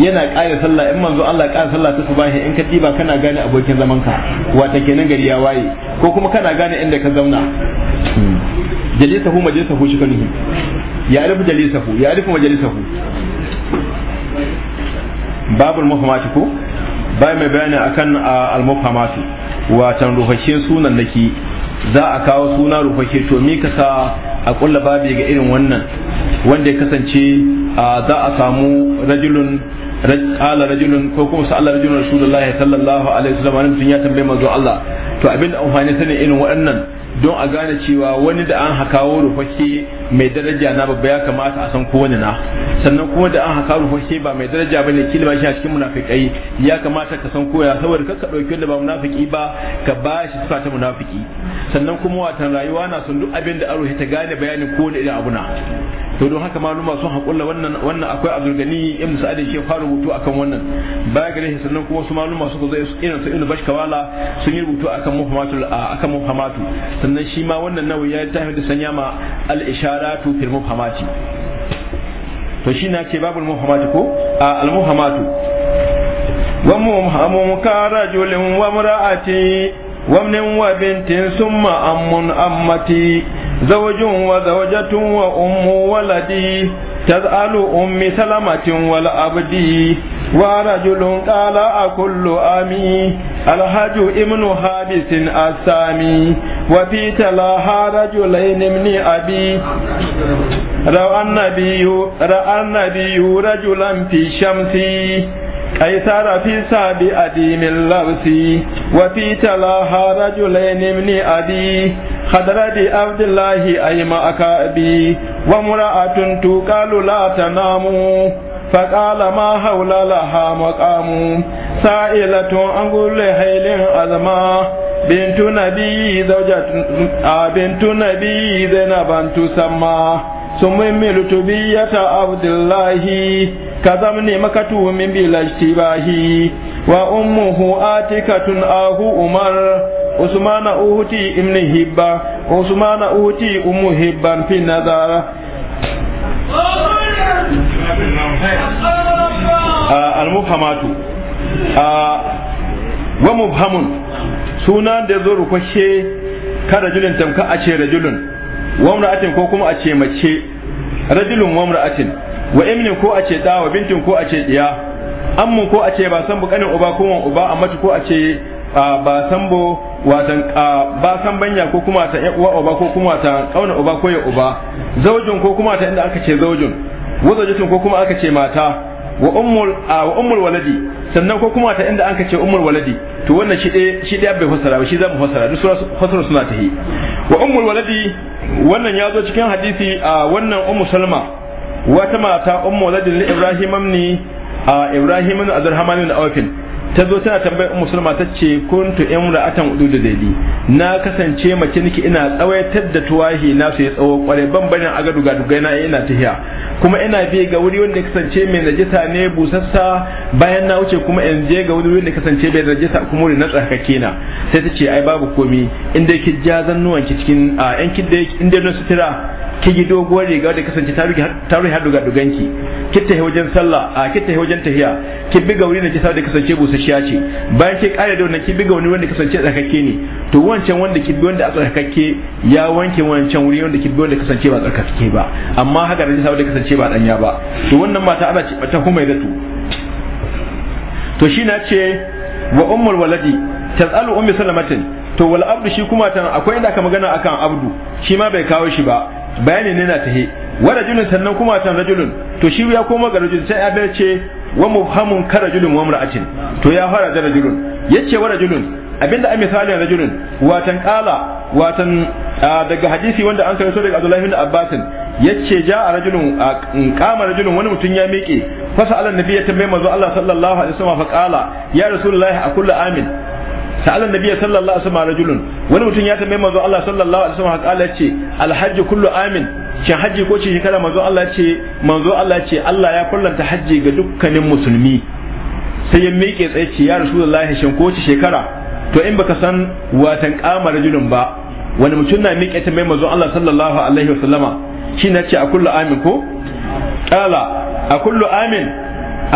yana ƙara sallah in manzo Allah ƙara sallah ta subahi in ka diba kana gane abokin zamanka wata kenan gari ya waye ko kuma kana gane inda ka zauna hmm. jalisahu majalisahu shi kanuhi ya Jalisa jalisahu ya alifu majalisahu babul mafamati ko bai mai bayani akan al-mafamati watan rufashe sunan naki za a kawo suna rufashe to mi ka sa a kulla babi ga irin wannan wanda ya kasance za a samu rajulun ala rajulun ko kuma Allah rajulun rasulullahi sallallahu alaihi wasallam mutum ya tambaye manzo Allah to abin da amfani sanin irin waɗannan don a gane cewa wani da an wa rufashe mai daraja na babba ya kamata a san kowane na sannan kuma da an haka rufashe ba mai daraja ba ne kilma shi a cikin munafikai ya kamata ka san koya saboda ka ɗauki wanda ba munafiki ba ka ba shi sifa ta munafiki sannan kuma watan rayuwa na son duk abin da aro ta gane bayanin ko da irin abu na to don haka maluma sun haƙulla wannan wannan akwai Abdul Gani ibn Sa'ad shi fara rubutu akan wannan baya gare shi sannan kuma su maluma suka zo irin su Ibn Bashkawala sun yi rubutu akan muhammadu akan muhammatu sannan shi ma wannan nawi ya ta da sanya ma al-isharatu fil mufhamati to shi na ce babul mufhamati ko al-mufhamatu wa mumhamun ka wa mura'ati wa min wa bintin summa ammun ammati zawjun wa zawjatun wa ummu waladi taz'alu ummi salamatin wal abdi ورجل قال أكل أمي الحج ابن حابس السامي وفي تلاها رجلين من أبي رأى النبي رأى النبي رجلا في الشمس أيسر في ساب أديم اللبس وفي تلاها رجلين من أبي خضرة عبد الله أيما أكابي ومرأة تقال لا تناموا فقال ما حول لها مقام سائلة أقول كل حيل أزما بنت نبي زوجة بنت نبي زينب تسمى ثم ملت بية عبد الله كذبني مكتو من بلا اشتباه وأمه آتكة آه أمر عثمان أوتي ابن هبة عثمان أوتي أم هبة في النظر Uh, al uh, wa mubhamun suna da zo rukwashe ka rajulin tamka a ce rajulun wa ko kuma a ce mace rajulun wa wa ko a ce bintin ko a ce ba san ba bo watan ba san banya ko kuma ta uwa uba ko kuma ta kauna uba ko ya uba zaujin ko kuma ta inda aka ce zaujin wazajatun ko kuma aka ce mata wa ummul wa ummul waladi sannan ko kuma ta inda aka ce ummul waladi to wannan shi dai shi dai bai fassara ba shi zamu fassara duk sura fassara suna tahi wa ummul waladi wannan ya zo cikin hadisi a wannan ummu salma wata mata ummu waladin ibrahim ibn ibrahim ibn azrahman ibn awfin ta zo tana tambayar ummu sulma ta ce kuntu imra'atan ududu daili na kasance mace nake ina tsawaitar da tuwahi na su ya tsawo kware ban a ga duga duga na ina tahiya kuma ina bi ga wuri wanda kasance mai najisa ne busassa bayan na wuce kuma in je ga wuri wanda kasance bai najisa kuma wuri na tsarkake na sai ta ce ai babu komi inda ki ja zannuwan ki cikin a ki da inda na sutura ki ji doguwar riga da kasance ta rufe ta ga har duga duganki ki tahi wajen sallah a ki tahi wajen tahiya ki bi gauri na ki sa da kasance busasshiya ce bayan ki kare da wannan ki bi gauri wanda kasance tsarkake ne to wancan wanda ki bi wanda a tsarkake ya wanke wancan wuri wanda ki bi wanda kasance ba tsarkake ba amma haka da sa da kasance ba danya ba to wannan mata ana ce ta kuma da to shi na ce wa ummul waladi tasalu ummi salamatin to wal abdu shi kuma tan akwai inda aka magana akan abdu shi ma bai kawo shi ba bayani ne na tahi wa rajulun sannan kuma tan rajulun to shi ya koma ga rajulun sai ya ce wa muhammun ka rajulun wa mura'atin to ya fara da rajulun yace wa rajulun abinda a misalin rajulun watan kala watan daga hadisi wanda an karanto daga Abdullahi bin Abbas yace ja a rajulun kama rajulun wani mutum ya miƙe fasa alan nabi ya tambaye manzo Allah sallallahu alaihi wasallam fa kala ya rasulullahi a kullu amin sa'al annabi sallallahu alaihi wasallam rajulun wani mutum ya tambaye manzo Allah sallallahu alaihi wasallam haka ce alhajj kullu amin shin haji ko ce shekara manzo Allah ce manzo Allah ce Allah ya kullanta haji ga dukkanin musulmi sai ya miƙe tsaye ce ya rasulullahi shin ko ce shekara to in baka san watan kama rajulun ba wani mutum na miƙe tambaye manzo Allah sallallahu alaihi wasallama shi na ce a kullu amin ko qala a kullu amin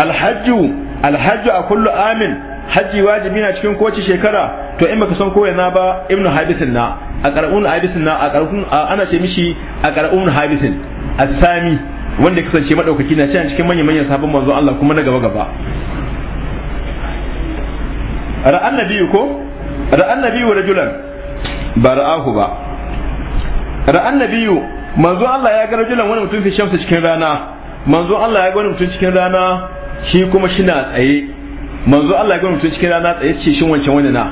alhajju alhajju a kullu amin haji wajibi na cikin kowace shekara to in baka san ko yana ba ibnu habisin na a qara'un habisin na a qara'un ana ce mishi a qara'un habisin asami wanda ya kasance madaukaki na cikin manyan manyan sabon manzo Allah kuma na gaba gaba ra'an nabiyyu ko ra'an nabiyyu rajulan ba ra'ahu ba ra'an nabiyyu manzo Allah ya ga rajulan wani mutum fi shamsu cikin rana manzo Allah ya ga wani mutum cikin rana shi kuma shi na tsaye manzo Allah ya ga mutum cikin rana tsaye ce shin wancan wani na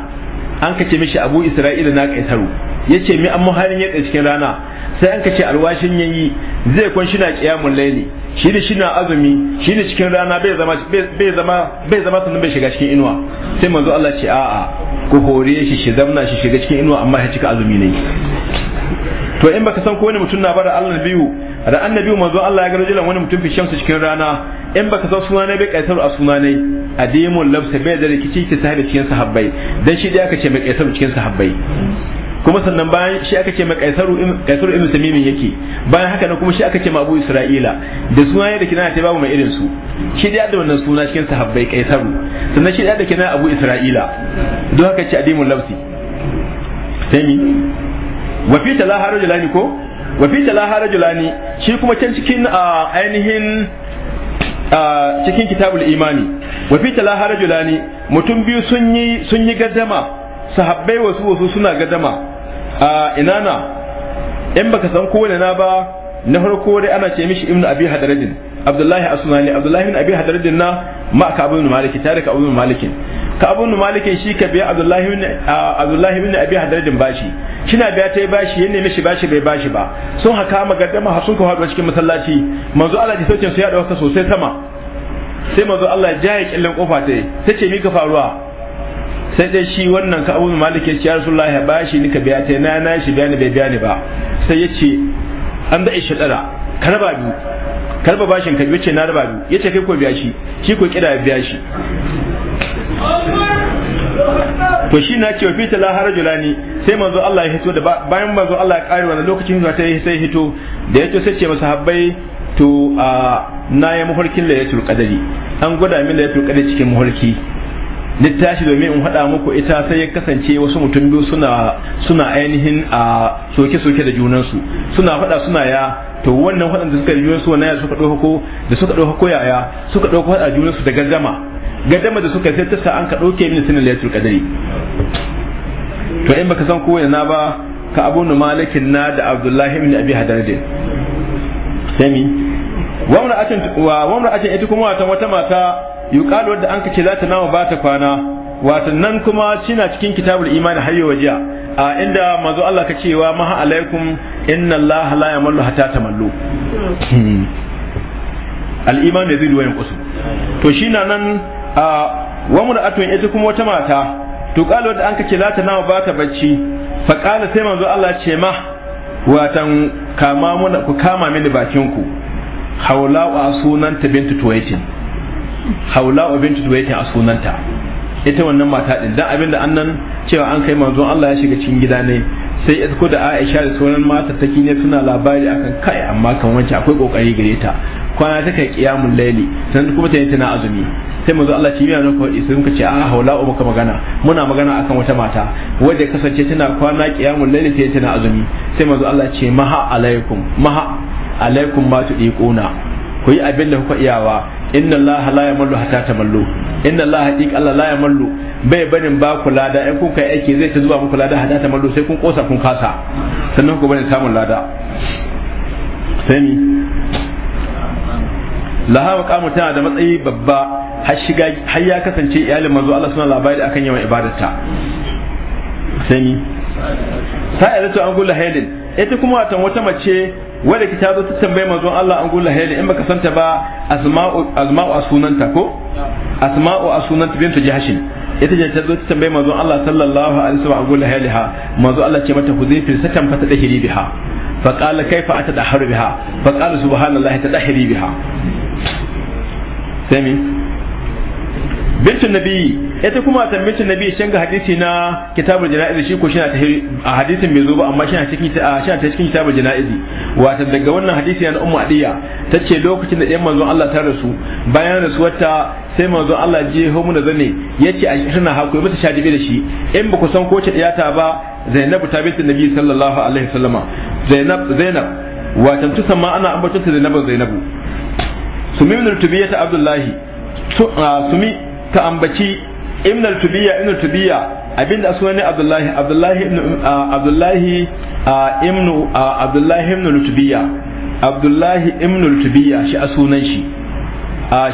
an kace mishi Abu Isra'ila na kaisaru yace mi amma halin ya cikin rana sai an kace alwashin yayi zai kun shi na qiyamul layli shi da shi na azumi shi da cikin rana bai zama bai zama bai zama sannan bai shiga cikin inuwa sai manzo Allah ce a'a ku hore shi shi zamna shi shiga cikin inuwa amma ya cika azumi ne to in baka san ko wani mutum na bara Allah biyu da annabi manzo Allah ya ga rajulan wani mutum fi shamsu cikin rana in baka san suna ne bai kaitar a suna ne demon lafsa bai da rikici ta sahibi cikin sahabbai dan shi dai aka ce mai kaitar cikin sahabbai kuma sannan bayan shi aka ce mai kaisaru kaisaru ibn samimin yake bayan haka nan kuma shi aka ce ma abu isra'ila da suna ne da kina ta babu mai irin su shi dai da wannan suna cikin sahabbai kaisaru sannan shi dai da kina abu isra'ila don haka ce demon lafsi sai wa fi talaharu jalani ko wa fi talaharu jalani shi kuma can cikin ah, ainihin cikin kitabul imani wa fi talaha rajulani mutum biyu sun yi sun yi gaddama sahabbai wasu wasu suna gaddama a inana in baka san wani na ba na farko dai ana ce mishi ibnu abi hadarajin abdullahi asunani abdullahi ibn abi hadaradin na ma ka abu maliki tare ka abu malikin ka abu malikin shi ka biya abdullahi bin abdullahi ibn abi hadradin bashi kina biya tai bashi ya nemi shi bashi bai bashi ba sun haka magaddama har sun ka hadu cikin masallaci manzo Allah ji sauke su ya dauka sosai sama sai manzo Allah ya jaye killin kofa ta ta ce mika faruwa sai dai shi wannan ka abu malik ya ce ya rasulullahi bashi ni ka biya tai na na shi biya ni bai biya ni ba sai ya ce an da ishi dara ka raba biyu karba bashin ka yace na raba biyu yace kai ko biya shi shi ko kira biya shi to shi na ce fi tala harajulani sai manzo Allah ya hito da bayan manzo Allah ya kare wannan lokacin zuwa ta sai hito da ya sai ce masa habbai to a na ya muhurkin lailatul qadari an gwada min ya qadari cikin muhurki littafi domin in haɗa muku ita sai ya kasance wasu mutum biyu suna suna ainihin a soke-soke da junansu suna fada suna ya to wannan waɗanda suka yi su wannan suka ɗauka ko da suka ɗauka ko yaya suka ɗauka faɗa junan su da gaddama gaddama da suka sai ta sa an ka ɗauke mini sanin layatul qadari to in baka san ko yana ba ka abu nu malikin na da abdullahi ibn abi hadardin sai mi wa atin wa atin ita kuma wata mata yuqalu wadda an kace za ta nama ba ta kwana wato nan kuma cina cikin kitabul imani har yau wajiya a inda manzo Allah ka cewa maha alaikum inna Allah la yamallu hatta tamallu *laughs* al iman zai wayan kusu to shi na nan wa mur'atun ita kuma wata mata to qalu da an kace lata ta nawa ba ta bacci fa qala sai manzo Allah ce ma watan kama mun ku kama mini bakin ku haula wa sunanta bintu tuwaitin haula wa bintu tuwaitin a sunanta ita wannan mata din dan abinda annan cewa an kai manzon Allah ya shiga cikin gida ne sai ko da Aisha da sauran mata take ne suna labari akan kai amma kan wancan akwai kokari gare ta kwana ta kai qiyamul layli kuma ta yi tana azumi sai manzon Allah ci yana ko sai muka ce a ah, haula o muka magana muna magana akan wata mata wanda kasance tana kwana qiyamul layli sai tana azumi sai manzon Allah ce maha alaikum maha alaikum ma tudiquna ku yi abin da kuka iyawa inna allaha la yamallu hatta tamallu inna allaha haqiqa allah la yamallu bai barin ba ku lada in kun kai aiki zai ta zuba muku lada hatta tamallu sai kun kosa kun kasa sannan ku barin samun lada sai ni laha wa kamu tana da matsayi babba har shiga har ya kasance iyalin manzo Allah suna labari akan yawan ibadarta sai ni sa'ilatu an gulla haidin ita kuma watan wata mace wadda ki tazo ta tambaye manzo Allah an gulla hayli in baka santa ba asma'u asma'u asunanta ko asma'u asunanta bintu jahshin ita je ta zo ta tambaye manzo Allah sallallahu alaihi wasallam an gulla hayliha manzo Allah ce mata sa satan fata dahiri biha fa qala kaifa atadaharu biha fa qala subhanallahi tadahiri biha sami bintu nabiyyi ita kuma a tambacin nabi can ga hadisi na kitabul jana'izi shi ko shina a hadisin bai zo ba amma shina cikin shina ta cikin kitabul jana'izi wato daga wannan hadisi na ummu adiya tace lokacin da ɗan manzon Allah ta rasu bayan rasuwarta sai manzon Allah je homu da zane yace a shirna haku mata shadibe da shi in ba ku san ko ce ta ba Zainabu ta binta Nabi sallallahu alaihi wasallama Zainab Zainab wato ma ana ta Zainabu Zainabu Sumi min Rutubiyya Abdullahi Sumi ta ambaci ibn al-tubiya ibn al-tubiya ne abdullahi abdullahi ibn uh, uh, uh, abdullahi ibn abdullahi ibn al-tubiya abdullahi ibn al-tubiya shi shi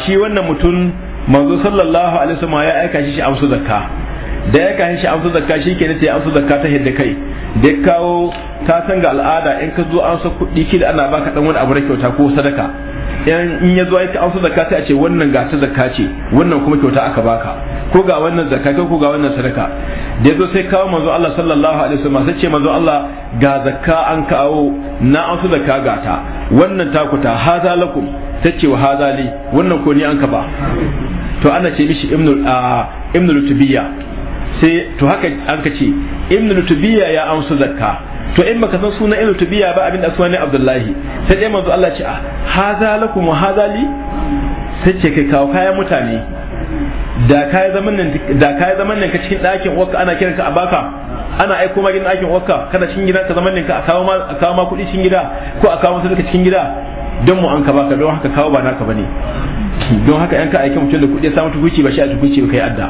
shi wannan mutum manzo sallallahu alaihi wasallam ya aika shi shi amsu zakka da ya aika shi amsu zakka shi ke ne sai amsu zakka ta hidda kai da kawo ka san ga al'ada in ka zo an sa kuɗi kila ana baka dan wani abu na kyauta ko sadaka in ya zo ka an sa zakka sai a ce wannan ga ta zakka ce wannan kuma kyauta aka baka ko ga wannan zakka ko ga wannan sadaka da yazo sai kawo manzo Allah sallallahu alaihi wasallam sai ce manzo Allah ga zakka an kawo na an sa zakka ga ta wannan takuta haza lakum tace wa haza li wannan ko ni an ka ba to ana ce mishi ibnu ibnu tubiya sai to haka an ka ce ibn lutubiya ya amsu zakka to in baka san sunan ibn lutubiya ba abin da sunan abdullahi sai dai manzo Allah ce ah haza lakum wa haza li sai ce kai kawo kayan mutane da kai zaman nan da kai zaman nan ka cikin ɗakin wakka ana kiran ka a baka ana aiko ma gidan ɗakin wakka kana cikin gidan ka zaman nan ka a kawo ma a kawo ma kuɗi cikin gida ko a kawo musu ka cikin gida don mu an ka baka don haka kawo ba naka bane don haka yan ka aike mutum da kuɗi ya samu tukuci ba shi a tukuci ba kai adda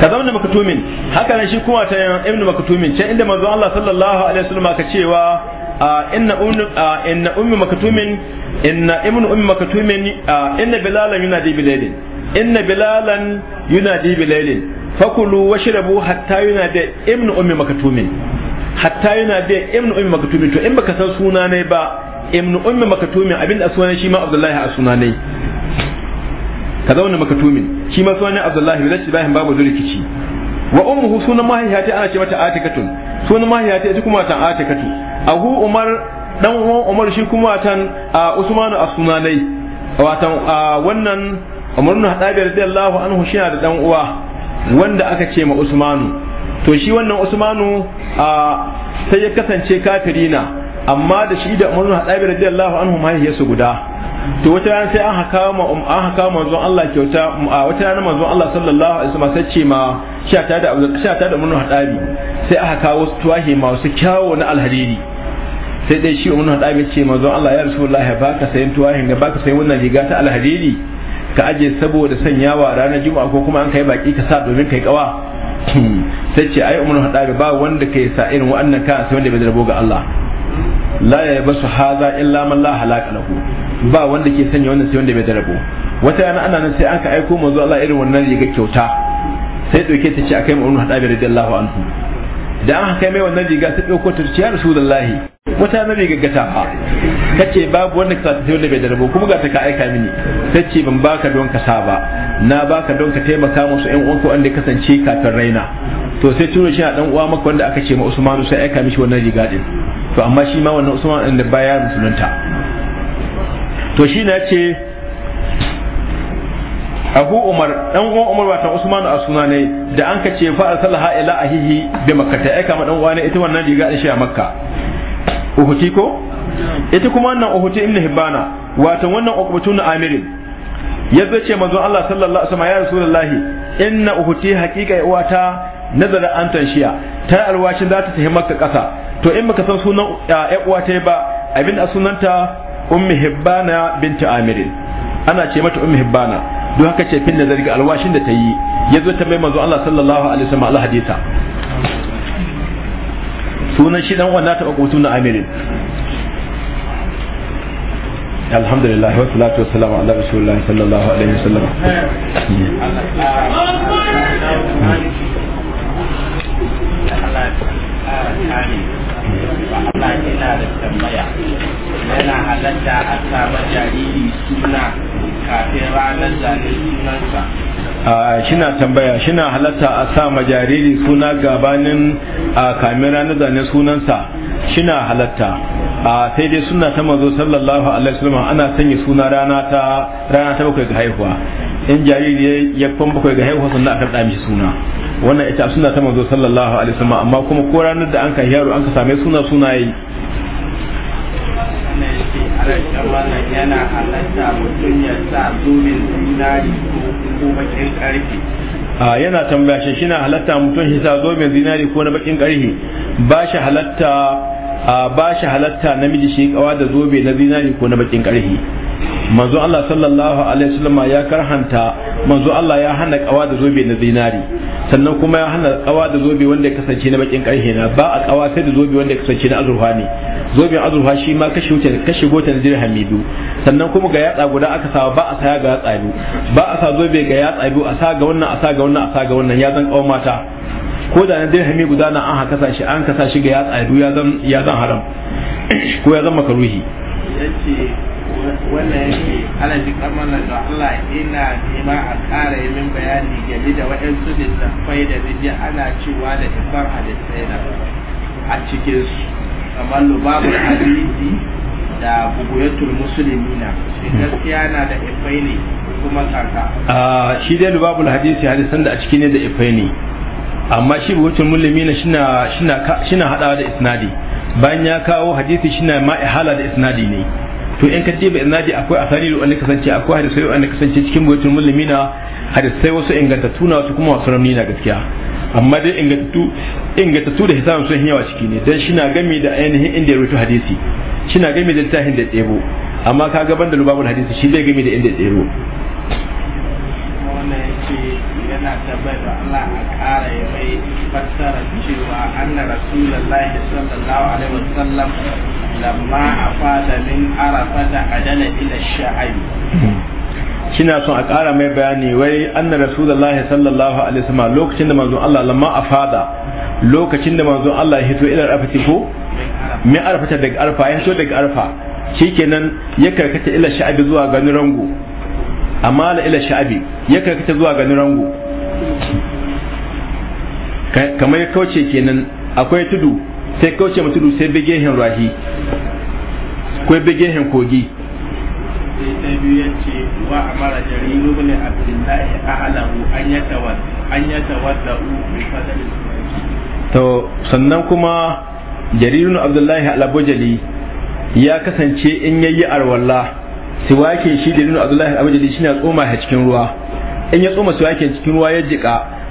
ka zama makatumin haka nan shi kuma ta ibnu makatumin can inda manzo Allah sallallahu alaihi wasallam ka cewa inna ummu inna ummu makatumin inna ibnu ummu makatumin inna bilalan yunadi bilalin inna bilalan yunadi bilalin fakulu washrabu hatta yunadi ibnu ummu makatumin hatta yunadi ibnu ummu makatumin to in baka san suna ne ba ibn ummi makatumin abinda a sunan shi ma abdullahi a sunanai ka zauna makatumin shi ma sunan abdullahi wala ibrahim babu rikici wa ummuhu sunan mahaihiyata ana ce mata atikatun sunan mahaihiyata ita kuma tan atikatu ahu umar dan uwan umar shi kuma tan usmanu a sunanai watan wannan umar ibn hadabi radiyallahu anhu shi da dan uwa wanda aka ce ma usmanu to shi wannan usmanu sai ya kasance kafirina amma da shi da umarnu bin Khattab radiyallahu anhu ma yasu guda to wata rana sai an haka ma um, an haka zuwan Allah kyauta wata rana zuwan Allah sallallahu alaihi wasallam sace ma sha ta da sha ta da umarnu bin Khattab sai aka kawo tuwahi masu kyawo na alhariri sai dai shi umarnu bin Khattab ce zuwan Allah ya Rasulullahi baka sayin tuwahin ga baka sayin wannan riga ta alhariri ka aje saboda sanyawa ranar juma'a ko kuma an kai baki ka sa domin kai kawa *laughs* sai ce ai umarnu bin Khattab ba wanda kai sa irin wannan ka sai wanda bai zarbo ga Allah la ya basu haza illa man la halaka lahu ba wanda ke sanya wannan sai wanda bai da wata yana ana nan sai an ka aiko manzo Allah irin wannan riga kyauta sai dauke ta ce akai mu ibn hadabi radiyallahu anhu da an kai mai wannan riga sai dauko ta ce ya rasulullahi wata na gaggata gata kace babu wanda ka sa sai wanda bai da kuma ga ta ka aika mini tace ban baka don ka saba na baka don ka taimaka musu ƴan uwanku wanda kasance kafin raina to sai tuno shi a dan uwa maka wanda aka ce ma Usmanu sai aika mishi wannan riga din to amma shi ma wannan Usman din da baya musulunta to shi na ce Abu Umar dan uwan Umar watan Usman a suna ne da an ka ce fa arsalaha ila ahihi bi makkata aika ma dan uwa ne ita wannan riga din shi a makka uhuti ko ita kuma wannan uhuti ibn hibbana wato wannan na amirin yadda ce manzon Allah sallallahu alaihi wasallam ya rasulullahi inna uhuti haqiqa uwata nazara an tanshiya ta alwashin za ta tafi maka kasa to in baka san sunan ya uwata ba abin a sunanta ummi hibbana binti amirin ana ce mata ummi hibbana don haka ce fin nazari ga alwashin da ta yi yazo ta mai manzon Allah sallallahu alaihi wasallam al hadisa sunan shi dan wannan taɓa kutun na amirin alhamdulillah wa salatu wa salamu ala rasulullah sallallahu alaihi wasallam Allah yana da tambaya yana halatta a sa jariri suna kafin ranar zane sunansa shina tambaya shina halatta a sa ma jariri suna gabanin a kamera na zane sunansa shina halatta a sai dai suna ta mazo sallallahu alaihi wasallam ana sanya suna rana ta rana ta bakwai ga haihuwa in jariri ya kwan bakwai ga haihuwa sannan aka da mishi suna wannan ita suna ta mazo sallallahu alaihi wasallam amma kuma ko ranar da an ka yaro an ka same suna sunaye yana halatta mutum ya sa zubin zinari ko bakin karfe a yana tambaya shi shina halatta mutum shi sa mai zinari ko na bakin karhi ba shi halatta a ba shi halatta namiji shi kawa da zobe na zinari ko na bakin karhi manzo Allah sallallahu alaihi wasallam ya karhanta manzo Allah ya hana kawa da zobe na zinari sannan kuma ya hana kawa da zobe wanda ya kasance na bakin karhe na ba a kawa sai da zobe wanda ya kasance na azurfa ne zoben azurfa shi ma kashe wuce kashi gotan dirhami biyu sannan kuma ga yatsa guda aka sa ba a saya ga yatsa biyu ba a sa zobe ga yatsa biyu a sa ga wannan a sa ga wannan a sa ga wannan ya zan kawo mata ko da na dirhami guda na an haka sashi an kasa shi ga yatsa biyu ya zan ya zan haram ko ya zan makaruhi wannan yake ala ji kamala da Allah ina nema a kara yi min bayani game da waɗansu littattafai da niji ana cewa da ifar halittai na a cikin su kamar lubabul hadisi da buguyatul musulmina shi gaskiya na da ifai ne kuma kaka a shi dai lubabul hadisi hadisan da a ciki ne da ifai ne amma shi ya musulmina na shi shina hadawa da isnadi bayan ya kawo hadisi shina ma ihala da isnadi ne to in ka ce ba in naji akwai asali wanda kasance akwai hadisai wanda kasance cikin buyatun mulmi na hadisai wasu ingantattu na wasu kuma wasu ramni na gaskiya amma dai ingantattu ingantattu da hisabun sun yawa ciki ne dan shi na gami da ainihin inda ya rubuta hadisi shi na gami da littafin da ɗebo amma ka ban da lubabul hadisi shi bai gami da inda ya ɗebo yana tabbata Allah a ƙara ya mai fassara cewa anna rasulullahi sallallahu alaihi wasallam lamma afada min arafata adala ila sha'abi kina son a ƙara mai bayani wai anna rasulullahi sallallahu alaihi wasallam lokacin da manzon Allah lamma afada lokacin da manzon Allah ya hito ila arafati ko min arafata daga arfa ya hito daga arfa shikenan ya karkata ila sha'abi zuwa ganin rango amma la ila sha'abi ya karkata zuwa ganin rango kamar kauce kenan akwai tudu sai kauce mu tudu sai begehen rahi ko begehen kogi sai ta biyu ya ce wa amara ne abdullahi an to sannan kuma jaririn abdullahi alabujali ya kasance in yayi arwalla siwakin shi jaririn abdullahi alabujali shi na tsoma a cikin ruwa in ya tsoma siwakin cikin ruwa ya jika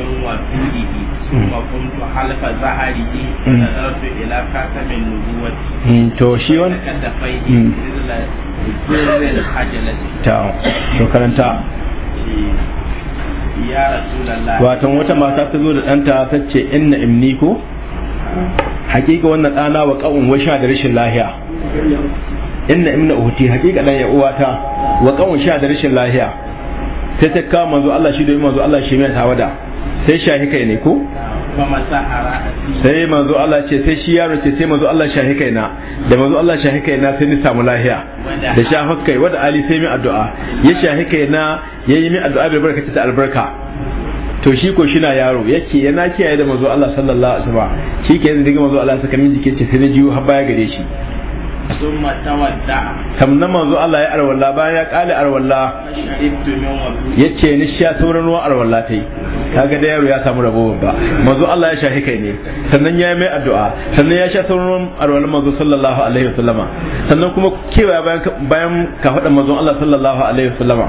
من وكنت حلف ظهره wata mata ta zo da ɗanta ta ce inna imni hakika wannan ɗana wa ƙa'un da rashin lahiya inna imna hakika ɗan ya ta wa ƙa'un sha da rashin lahiya sai ta manzo Allah shi domin manzo Allah shi mai tawada sai shahi kai ne ko sai manzo Allah ce sai shi yaro ce sai manzo Allah shahi kai na da manzo Allah shahi kai na sai ni samu lahiya da sha kai wada ali sai mi addu'a ya shahi kai na yayi mi addu'a bi barka ta albarka to shi ko shina yaro yake yana kiyaye da manzo Allah sallallahu alaihi wasallam shi ke yanzu daga manzo Allah saka min jike ce sai na jiyo har baya gare shi thumma tawadda kam na manzo Allah ya arwalla bayan ya kale arwalla yace ni sha sauran ruwan arwalla tai kaga da yaro ya samu rabo babba manzo Allah ya shahi kai ne sannan ya yi mai addu'a sannan ya sha sauran ruwan arwalla manzo sallallahu alaihi wasallama sannan kuma kewa bayan bayan ka faɗa manzo Allah sallallahu alaihi wasallama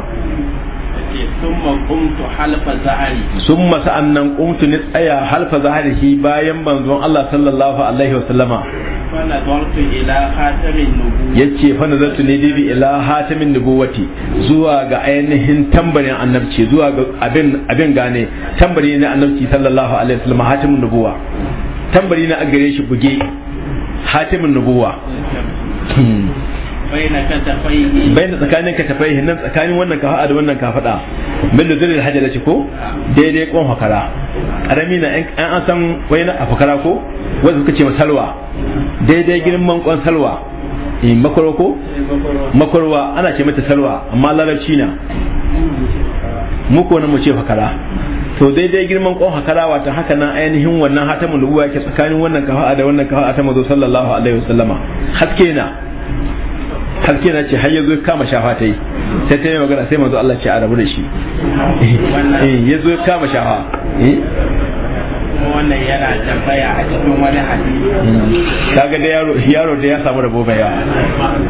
summa sa'annan qumtu ni tsaya halfa zahrihi bayan manzon Allah sallallahu alaihi wasallama yace fa nazartu ne dibi ila hatamin nubuwati zuwa ga ainihin tambarin annabci zuwa ga abin abin gane tambari ne annabci sallallahu alaihi wasallam hatimin nubuwa tambari ne a gare shi buge hatimin nubuwa bayyana tsakanin ka tafaihi nan tsakanin wannan kafa'a da wannan kafaɗa zuri zirin hajjala ce ko daidai kwan fakara ƙarami na an an san waina a fakara ko wanda suka ce masalwa daidai girman kon salwa e, makwaro ko makarwa ana ce mata salwa amma larabci na muku wani mu ce fakara to daidai girman kwan hakara wata haka nan ainihin wannan hatamun lubuwa ke tsakanin wannan kafa'a da wannan kafa'a ta mazo sallallahu alaihi wasallama haske na haske na ce har yazo kama shafa ta yi sai ta yi magana sai manzo Allah ce a rabu da shi eh, eh yazo kama shafa eh. wannan yana tambaya a cikin wani hadisi kaga da yaro yaro da ya samu rabo bayawa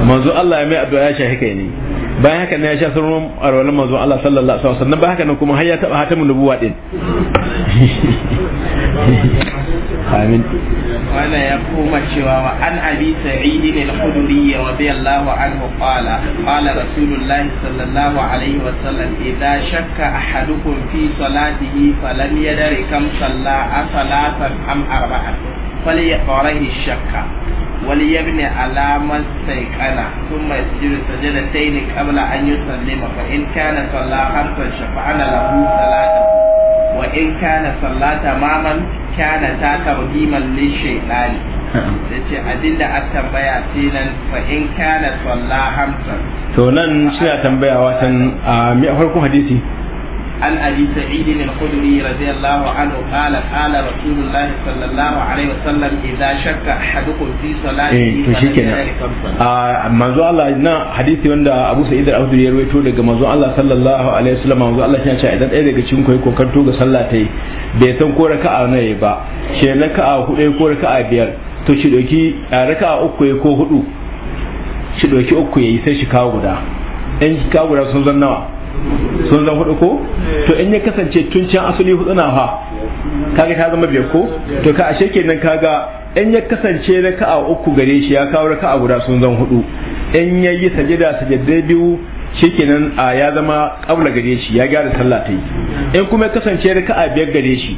manzo Allah ya mai addu'a ya shahi kai ne bayan haka ne ya sha sauran arwalin Allah sallallahu alaihi wasallam bayan haka nan kuma har ya taba hatamin nubuwa din *laughs* amin wala ya koma cewa wa an abi sa'id al-khudri radiyallahu anhu qala qala rasulullah sallallahu alaihi wasallam idza shakka ahadukum fi salatihi falam yadri kam salla salatan am arba'an falyaqrahi shakka wani ne alamar sai kana sun mai sujudu sajada ta yi kabla an yi sallima fa in kana sallahan ta shafa'ana lahu salata wa sallata maman kana ta tarhiman li shaitani da *laughs* abinda an tambaya shi nan fa in to nan shi na tambaya watan a farkon hadisi عن ابي سعيد الخدري رضي الله عنه قال قال رسول الله صلى الله عليه وسلم اذا شك احدكم في صلاته manzo Allah na hadisi wanda Abu Sa'id al-Khudri ya rawaito daga manzo Allah sallallahu alaihi wasallam manzo Allah ya ce idan ɗaya daga cikin ku kokanto ga sallah tai bai san ko raka'a nawa ba shi raka'a hudu ko raka'a biyar to shi doki raka'a uku ko hudu shi doki uku sai shi guda ɗan shi guda sun zan nawa sun zan hudu ko to in ya kasance tun can asali hudu na ha kaga ka zama biyar ko to ka ashe kenan kaga in ya kasance raka'a uku gare shi ya kawo raka'a guda sun zan hudu in yayi sajada sajada biyu shikenan a ya zama kabla gare shi ya gyara sallah ta yi in kuma da kasance raka'a biyar gare shi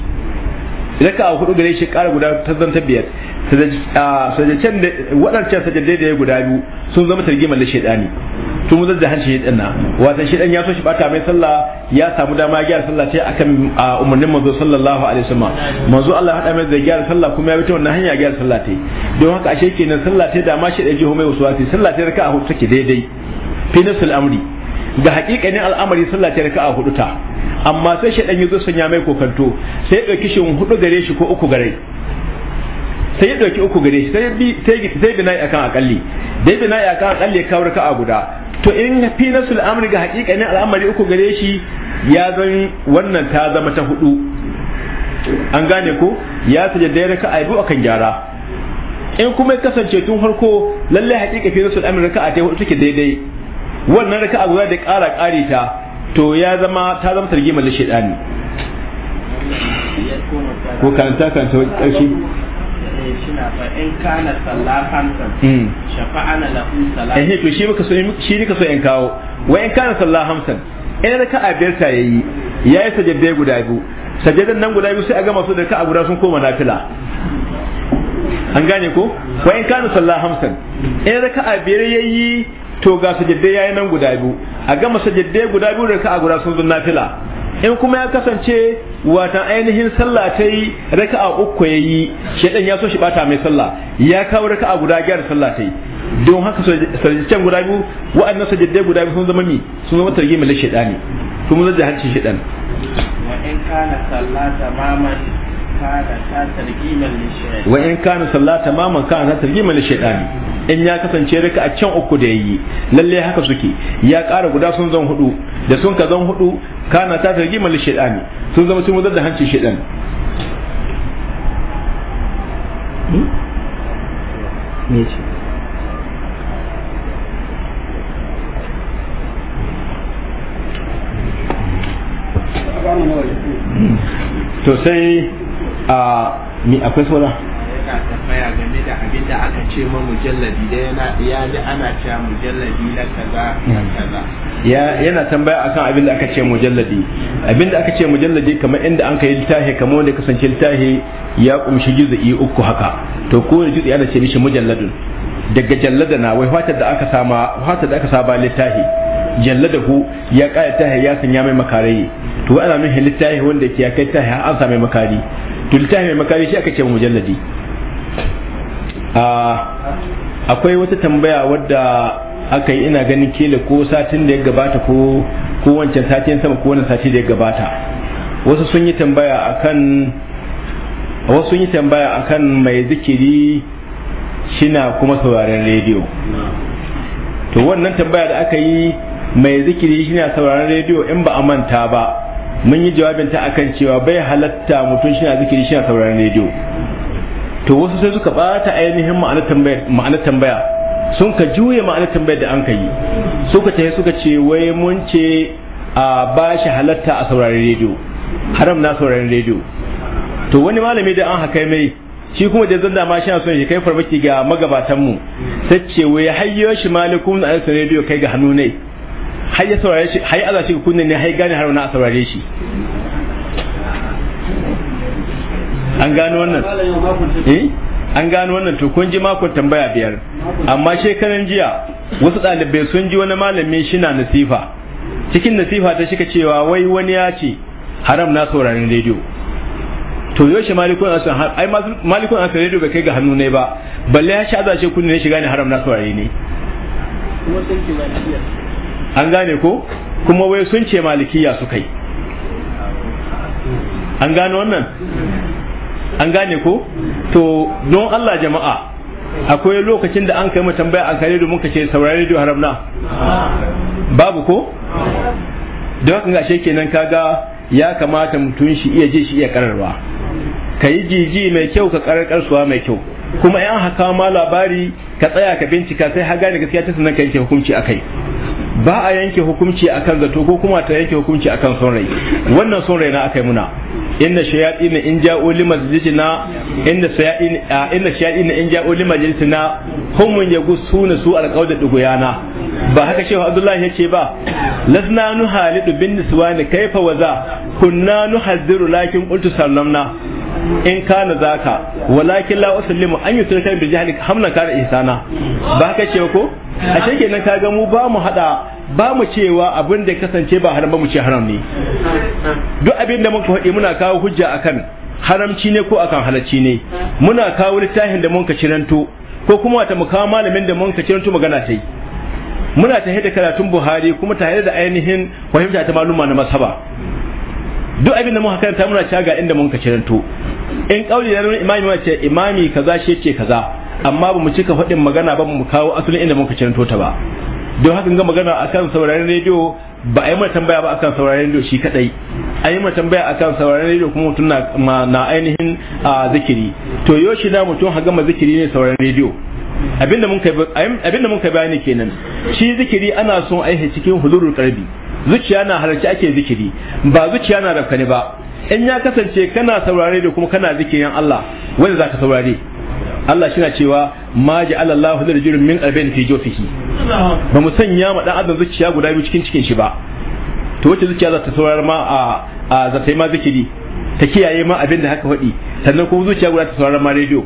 ka a hudu gare shi kara guda ta zanta biyar sajacen waɗancan sajadai da ya guda biyu sun zama targimar da shaidani tun wuzar da harshe shaidan na wasan shaidan ya so shi bata mai sallah ya samu dama ya gyara sallah ta akan umarnin manzo sallallahu alaihi wasallam manzo Allah hada mai da gyara sallah kuma ya bi ta wannan hanya gyara sallah ta don haka ashe kenan sallah ta dama shaidan jiho mai wasuwasi sallah ta raka'a hudu take daidai fi nafsul amri ga hakikanin al'amari sallah ta raka'a hudu ta amma sai shaidan ya zo sanya mai kokanto sai ya ɗauki shin hudu gare shi ko uku gare sai ya ɗauki uku gare shi sai bina'i akan akalli dai yi akan akalli ya kawar ka'a guda to in fi nasul amri ga ne al'amari uku gare shi ya zan wannan ta zama ta hudu an gane ko ya da sajadai a biyu akan gyara in kuma ya kasance tun farko lallai hakika fi nasul amri a ta hudu take daidai wannan raka'a guda da ƙara ƙarita. ta to ya zama ta zama targimar shaidani ko karanta karanta wani ƙarshe shina hmm. fa in kana sallah eh, to shi muka so shi nika so in kawo wa in kana sallah hamsan in raka'a biyar ta yayi yayi sajadai guda biyu sajadan nan guda biyu sai a gama su da a guda sun koma na fila. an gane ko wa in kana sallah hamsan ka a biyar yayi to ga sajadde yayi nan guda biyu a gama sajadde guda biyu da ka a guda sun nafila in kuma ya kasance wata ainihin sallah ta yi a uku ya yi shaidan ya so shi bata mai sallah ya kawo raka a guda gyara sallah ta yi don haka sajadden guda biyu wa'annan sajadde guda biyu sun zama mi sun zama targi mai shaidani kuma zai jahancin shaidan wa in kana sallah tamaman wa in kana sallata ma man kana tarjiman lishaitani in ya kasance raka a can uku da yayi lalle haka suke ya ƙara guda sun zan hudu da sun ka zan hudu kana ta tarjiman lishaitani sun zama sun wadar da hancin shaitan hmm? hmm. to sai a mi akwai sola yana tambaya game da abin da aka ce ma mujalladi da yana ya ji ana cewa mujalladi na kaza na hmm. kaza yana tambaya akan abin da aka ce mujalladi abin da aka ce mujalladi kamar inda an kai littafi kamar wanda kasance littafi ya kumshi juz'i uku haka to ko kowane juz'i ana ce mishi mujalladun daga jalladana wai fatar da aka sama fatar da aka saba littafi jalladahu ya kaya ta ya sanya mai makarayi to ana nuna littafi wanda ke kai ta ya an mai makari to littafi mai makari shi aka ce mujalladi akwai wata tambaya wadda aka yi ina ganin kila ko satin da ya gabata ko ko wancan satin sama ko wannan sati da ya gabata wasu sun yi tambaya akan wasu sun yi tambaya akan mai zikiri shina kuma sauraren rediyo to wannan tambaya da aka yi mai zikiri shi na sauraron rediyo in ba a manta ba mun yi jawabin ta akan cewa bai halatta mutum shi na zikiri shi na sauraron rediyo to wasu sai suka bata ainihin ma'anar tambaya sun ka juya ma'anar tambayar da an ka yi suka ce suka ce wai mun ce a ba shi halatta a sauraron rediyo haram na sauraron rediyo to wani malami da an haka mai shi kuma da zan dama na son shi kai farmaki ga magabatanmu sai ce wai hayyo shi malikun a rediyo kai ga hannu ne har ya saurare shi har ya kunnen ne har gane har wani a saurare shi an gano wannan eh an gano wannan to kun ji makon tambaya biyar amma shekaran jiya wasu ɗalibai sun ji wani malami shi na nasifa cikin nasifa ta shika cewa wai wani ya ce haram na sauraren rediyo to yaushe malikun asan ai malikun asan rediyo bai kai ga hannu ne ba balle ya sha zace kunne ne shiga ne haram na saurare ne an gane ko kuma wai sun ce malikiya su kai an gane wannan an gane ko to don Allah jama'a akwai lokacin da an kai mu tambaya an kare domin ka ce saurari da haramna babu ko don haka gashe kenan kaga ya kamata mutum shi iya ji shi iya kararwa ka yi jiji mai kyau ka karar karsuwa mai kyau kuma yan haka ma labari ka tsaya ka bincika sai ha gane gaskiya ta sanan ka yanke hukunci akai ba a yanke hukunci akan zato ko kuma ta yanke hukunci akan son rai wannan son rai na aka yi muna inna shayatin in ja'u li majlisina inna shayatin inna shayatin in ja'u li majlisina hum yagussuna su alqawda duguyana ba haka shehu abdullahi yace ba lasna nuhalidu bin niswani kaifa waza kunna nuhaddiru lakin qultu sallamna in kana zaka walakin la usallimu an yutrika bi jahlik hamna kana ihsana ba ka ce ko a ashe kenan kaga mu ba mu hada ba mu cewa abin da kasance ba haram ba mu ce haram ne duk abin da muka faɗi muna kawo hujja akan haramci ne ko akan halacci ne muna kawo littafin da mun ka ciranto ko kuma wata mu malamin da mun ka ciranto magana tai muna ta da karatun Buhari kuma ta da ainihin fahimta ta maluma na masaba duk abin da muka karanta muna cewa ga inda mun ka ciranto in kauli da ran imami ma ce imami kaza shi ce kaza amma ba mu cika faɗin magana ba mu kawo asalin inda mun ka ciranto ta ba don haka ga magana akan sauraren rediyo ba a yi mana tambaya ba akan sauraren rediyo shi kadai a yi mana tambaya akan sauraren rediyo kuma mutum na, na ainihin a zikiri to yoshi na mutum haga ma zikiri ne sauraren rediyo abinda mun kai bayani kenan shi zikiri ana son aihe cikin hudurul karbi zuciya na halarci ake zikiri ba zuciya na ne ba in ya kasance kana saurare da kuma kana zikirin Allah wanda zaka saurare Allah shi na cewa ma ji Allah da jirin min albayin fi jofihi ba mu sanya ma dan adam zuciya guda biyu cikin cikin shi ba to wace zuciya za ta saurar ma a za ta yi ma zikiri ta kiyaye ma abin da haka faɗi sannan kuma zuciya guda ta saurar ma rediyo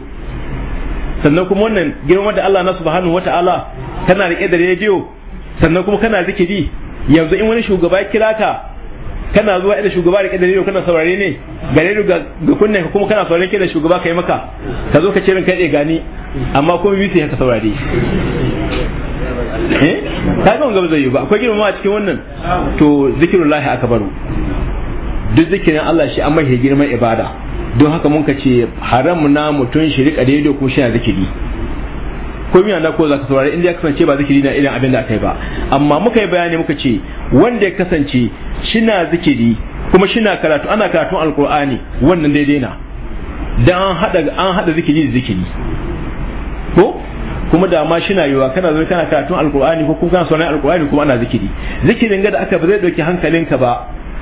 sannan kuma wannan girman da Allah na subhanahu wata'ala kana rike da rediyo sannan kuma kana zikiri yanzu in wani shugaba kira ka kana zuwa inda shugaba da kadari kana saurare ne gare ga ga kunnen ka kuma kana saurare ke da shugaba kai maka ka zo ka ce min kai gani amma kuma bi sai ka saurare eh ka ga gaba zai yi ba akwai girmama a cikin wannan to zikirullahi akbar duk zikirin Allah shi an mai girman ibada don haka mun ka ce haram na mutun shirika daidai ko shi na zikiri ko miya na ko za ka saurari inda ya kasance ba zikiri na irin abin da aka yi ba amma muka yi bayani muka ce wanda ya kasance shina zikiri kuma shina karatu ana karatun alkur'ani wannan daidai na dan an hada an hada zikiri da zikiri ko kuma da ma shina yiwa kana zo kana karatun alkur'ani ko kuma kana sauraron alkur'ani kuma ana zikiri zikirin ga da aka ba zai dauki hankalinka ba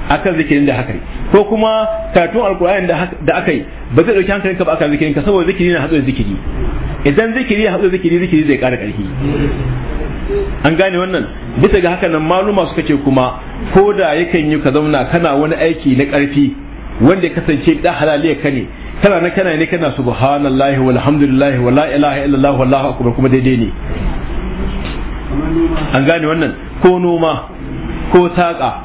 akan zikirin da haka ko kuma karatun alkur'ani da aka yi ba zai dauki hankalinka ba akan zikirin ka saboda zikiri na hadu zikiri idan zikiri ya hadu zikiri zikiri zai kara karfi an gane wannan bisa ga haka nan maluma suka ce kuma ko da yakan yi ka zauna kana wani aiki na karfi wanda ya kasance da halaliya ka ne kana na kana ne kana subhanallahi walhamdulillahi wala ilaha illallah wallahu akbar kuma daidai ne an gane wannan ko noma ko saƙa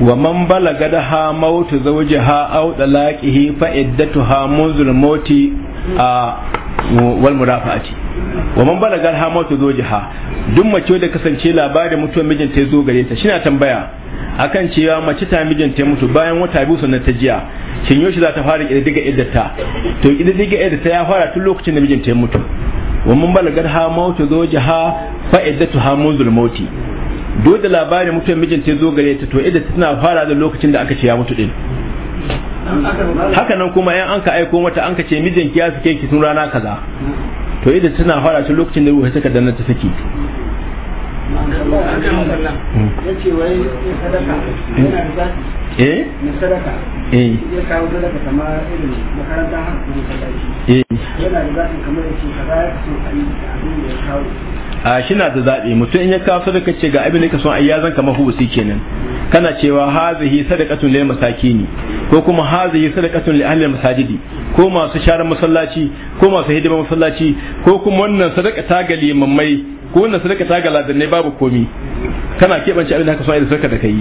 wa man balaga da ha mautu zauji ha au dalaqihi fa iddatu ha munzul mauti a wal murafati wa man balaga ha mautu zauji duk mace da kasance labarin mutuwar mijinta ya zo gare ta na tambaya akan cewa mace ta mijinta ya mutu bayan wata biyu sannan ta jiya shin yau za ta fara kididdiga iddata to kididdiga iddata ya fara tun lokacin da mijinta ya mutu wa man balaga ha mautu zauji ha fa iddatu ha munzul mauti duk da labarin mutuwar mijinta ya zo gare ta to ita tana fara da lokacin da aka ce ya mutu din haka nan kuma yan anka aiko mata anka ce mijinki ya suke ki tun rana kaza to ita tana fara ta lokacin da ruwa ta danna ta saki a shi na da zaɓe mutum in ya kawo sadaka ce ga abin da ka son ai ya zanka mahubusi kenan kana cewa hazihi sadakatun lil masakini ko kuma hazihi sadakatun li ahli masajidi ko masu sharar masallaci ko masu hidimar masallaci ko kuma wannan sadaka ta ga limammai ko wannan sadaka ta gala ne babu komi kana keɓance abin da haka so da sadaka da kai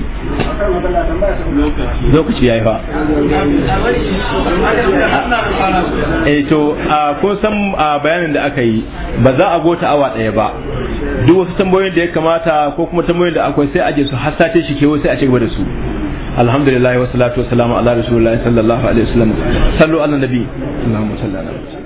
lokaci yayi fa eh to a kun san bayanin da aka yi ba za a gota awa daya ba duk wasu tambayoyin da ya kamata ko kuma tambayoyin da akwai sai a je su har sace shi kewo sai a ci gaba da su alhamdulillah wa salatu wa salamu ala rasulillah sallallahu alaihi wasallam sallu ala nabi sallallahu alaihi wasallam